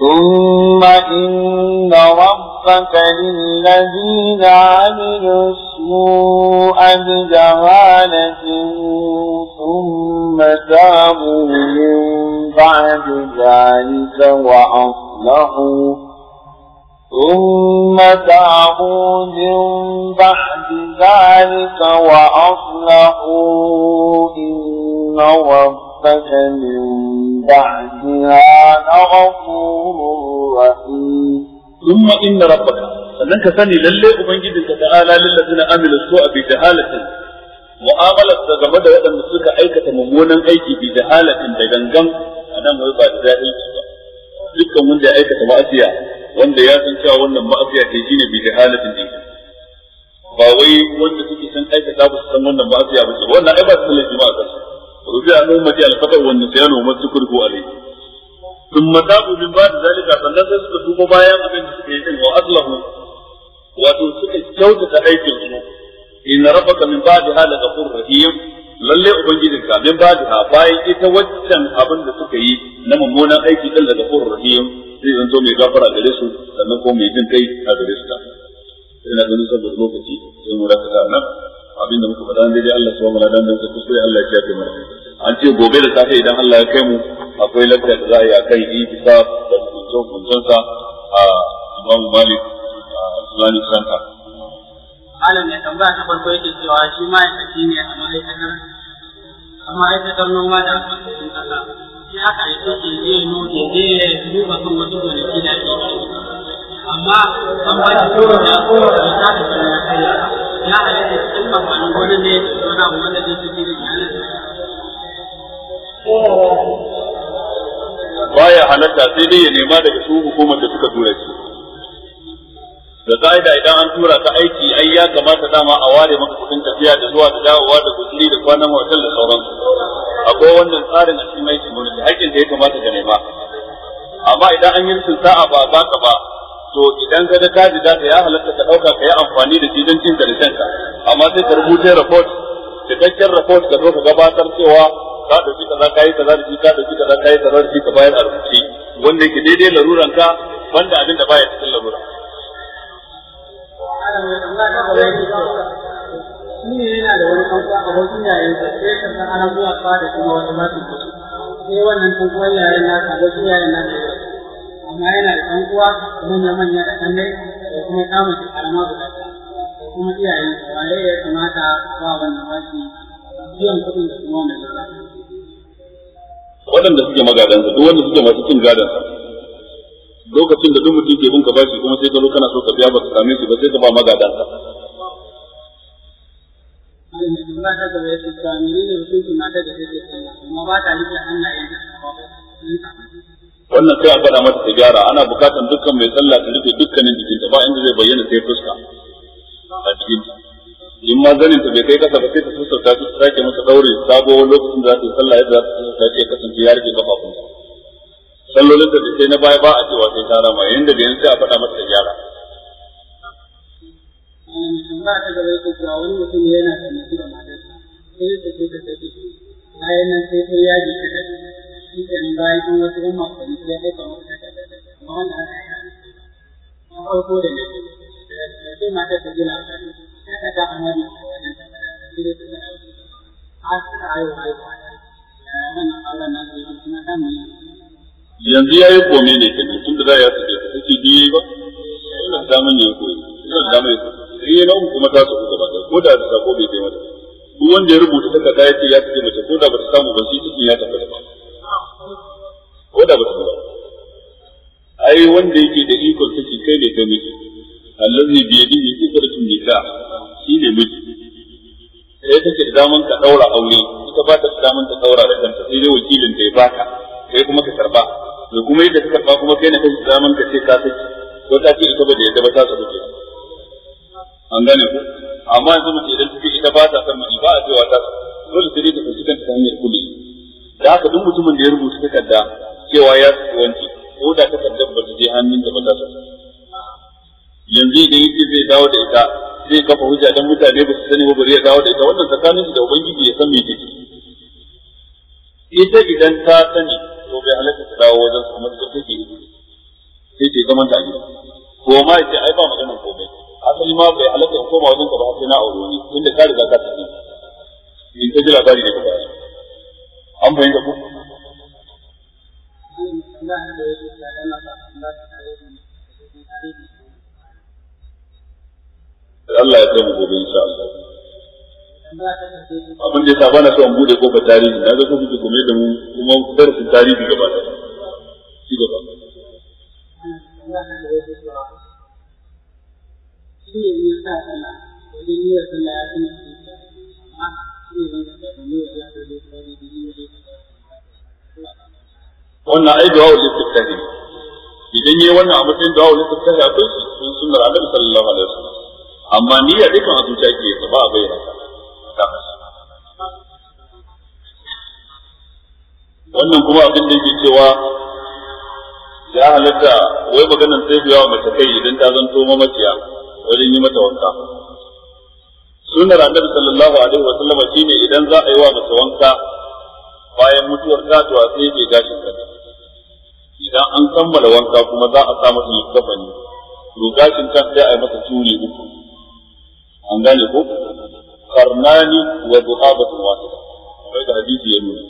ثم إن ربك للذين عملوا السوء بجهالة ثم تابوا من بعد ذلك وأصلحوا ثم تابوا من بعد ذلك وأصلحوا إن ربك ربك من بعدها لغفور رحيم ثم إن ربك sannan ka sani lalle ubangijinka ta'ala lillazina amilu su'a bi jahalatin mu'amalar da game da waɗanda suka aikata mummunan aiki bi jahalatin da gangan a nan wai ba da jahilci ba dukkan wanda ya aikata ma'asiya wanda ya san cewa wannan ma'asiya ke shine bi jahalatin din ba wai wanda suke san aikata ba su san wannan ma'asiya ba ce wannan ai ba su laifi ma a kansu rubi an alfatar al-fata wa nisyan wa mastukrihu alayhi thumma tabu min ba'd zalika sannan sai suka tuba bayan abin da suka yi din wa aslahu wato suka kyautata aikin su in rabbaka min ba da ba'd hada ghafur rahim lalle ubangijinka min ba'd ha bayan ita waccan abin da suka yi na mummunan aiki din daga ghafur rahim zai zanto mai gafara gare su sannan ko mai jin kai a gare su ta ina ganin saboda lokaci sai mu raka nan abin da muka faɗa ne dai Allah subhanahu wa ta'ala da kuskure Allah ya kiyaye mu an ce gobe da safe idan Allah ya kai mu akwai lafiya da za a yi akan ihtisab da hukuncin hukuncinsa a Imam Malik a Islamic Center Malam ya tambaya ta farko yake cewa shi ma ya tafi ne a ma'aikatar a ma'aikatar noma da hukuncin kasa sai aka yi to ke zai nuna zai duba kan wasu gonaki da ake amma an da shi da ne baya halatta sai dai ya nema daga su hukumar da suka tura shi da ka'ida idan an tura ka aiki ai ya kamata dama a ware maka kudin tafiya da zuwa da dawowa da guzuri da kwanan hotel da sauransu akwai wannan tsarin a cikin aikin gwamnati hakkin da ya kamata ka nema amma idan an yi rikin sa'a ba za ka ba to idan ka ga kadi da ya halatta ka dauka ka yi amfani da cikin cikin cin zarafin ka amma sai ka rubuta report cikakken report ka zo ka gabatar cewa ka dauki ka kai kaza da shi ka dauki ka kai kaza da shi ka bayar a rubuce wanda yake daidai laruran ka banda abin da baya cikin larura Ni ne yana da wani a wasu yayin da sai kan san ana zuwa fa da kuma wani masu kuɗi sai wannan kankuwan yayin nasa abokin yayin nasa amma yana da ɗan uwa manya manya da dai da kuma kama mace karama guda da kuma iyayen waye ya kamata ba wannan wasi biyan kuɗin da kuma wanda lissafi. waɗanda suke magadansa duk wanda suke masu cin gadansa lokacin da duk mutum ke bin ka bashi kuma sai ka zo kana so ka biya ba ka same shi ba sai ka ba magadansa mata da mata da yake amma ba ta rike da wannan sai a faɗa mata ta gyara ana bukatan dukkan mai sallah ta rufe dukkanin ta ba inda zai bayyana sai fuska a cikin in ma zanin ta bai kai kasa ba sai ta fuskar ta sake masa daure sabo lokacin da za ta yi sallah yadda za ta sassauta ya kasance ya rufe kafafunsa sallolin da sai na baya ba a cewa sai ta rama yayin da yanzu sai a faɗa mata ta gyara ba yana da sai ta ta tafi nan sai yaji shi ya yi da yi yanzu ya yi ne ke za da suke biye ba ina da damar yin koyi ina da daman yin koyi kuma ta su kuka ba ko da ta ko bai duk wanda ya rubuta takarda ya ce ya mace ko da ba ta samu ba shi cikin ya da ba sai wanda yake da ikon saki kai ne kai miji allazi bi yadihi qudratun nikah shi ne miji sai take da daman ka daura aure ita ba ta zaman daman ta daura da kanta sai dai wakilin ta ya baka kai kuma ka karba da kuma yadda ka karba kuma kai ne kai daman ka ce ka saki ko ta ce ita ba da yadda ba ta sace ce an gane ku amma yanzu mace idan take ita ba ta san miji ba a cewa ta dole sai dai ta fuskanta ta hanyar kulli da haka duk mutumin da ya rubuta takarda cewa ya wanke ko da takardar ba ta je hannun da ba sa yanzu idan yake zai dawo da ita zai kafa hujja dan mutane ba su sani ba bari ya dawo da ita wannan tsakanin da ubangiji ya san me yake ciki ita idan ta sani to bai halatta ta dawo wajen su amma ta take sai ta zama ta gida ko ma ita ai ba magana bai. asali ma bai halatta ko ba wajen ka ba sai na aure ne inda ka riga ka sani in ta ji labari daga ba an fahimta ko Allah ya kai mu gobe insha Allah. Abin da yasa bana so an bude kofar tarihi, na ga ko gome da mu kuma darasin tarihi gaba da shi gaba. Shi wannan ai du'a ul istiftahi idan yayi wannan a matsayin du'a ul istiftahi a kai sun da annabi sallallahu alaihi wasallam amma ni dukan a zuciya ke ta ba a bayyana ta wannan kuma abin da yake cewa ya halatta wai maganar sai biya wa mace kai idan ta zanto mamaciya wajen yi mata wanka sunnar annabi sallallahu alaihi wa shine idan za a yi wa mace wanka bayan mutuwar ta to sai ke gashin kanta idan an kammala wanka kuma za a sa masa likafani rugashin kan sai a yi masa turi uku an gane ko karnani wa su wata kai da hadisi ya nuna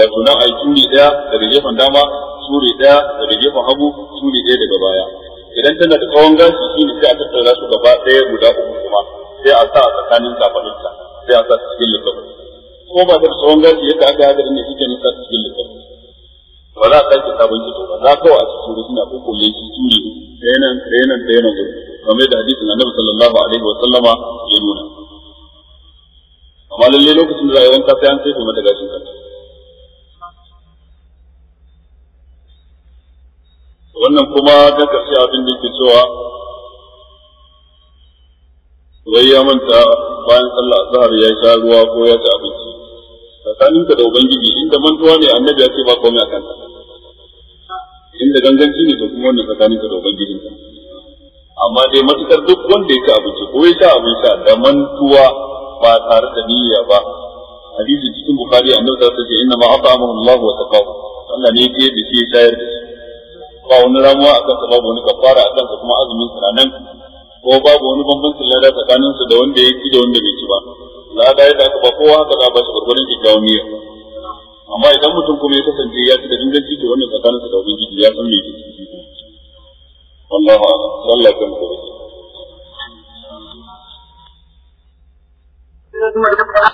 wato nan a yi turi daya daga gefen dama turi daya daga gefen hagu turi daya daga baya idan tana da tsawon gashi shi ne sai a tattara su gaba daya guda uku kuma sai a sa a tsakanin kafaɗinta sai a sa cikin littafin ko ba ta da tsawon gashi yadda aka yi hadarin ne ne sa cikin littafin ba za a sake sabon kitso ba za kawai a cikin rusuna ko koyon shi turi ɗaya nan ɗaya nan ɗaya nan kamar da hadisin annabi sallallahu alaihi wa sallama ya nuna amma lalle lokacin da rayuwar kasa an sai kuma daga cikin kanta wannan kuma ta karshe abin da ke cewa wai ya manta bayan sallah azhar ya sha ruwa ko ya ci abinci tsakaninka da ubangiji inda mantuwa ne annabi ya ce ba komai a kanta, inda ganganci ne da kuma wannan tsakaninka da ubangiji, amma dai matukar duk wanda ya ci abinci ko ya sha abin sha da mantuwa ba tare da niyya ba hadisi cikin bukhari annabi ta ce inna ma at'amahu Allah wa taqaw Allah ne yake da ke shayar da ba wani ramuwa akan ka babu wani kafara akan ka kuma azumin sa nan ko babu wani bambancin lada tsakanin su da wanda ya ci da wanda bai ci ba lada yadda aka ba kowa haka za a ba shi gwargwadon kyakkyawan amma idan mutum kuma ya kasance ya ci da inganci to wannan tsakanin sa da ubangiji ya san me ke ciki Allah ya kama da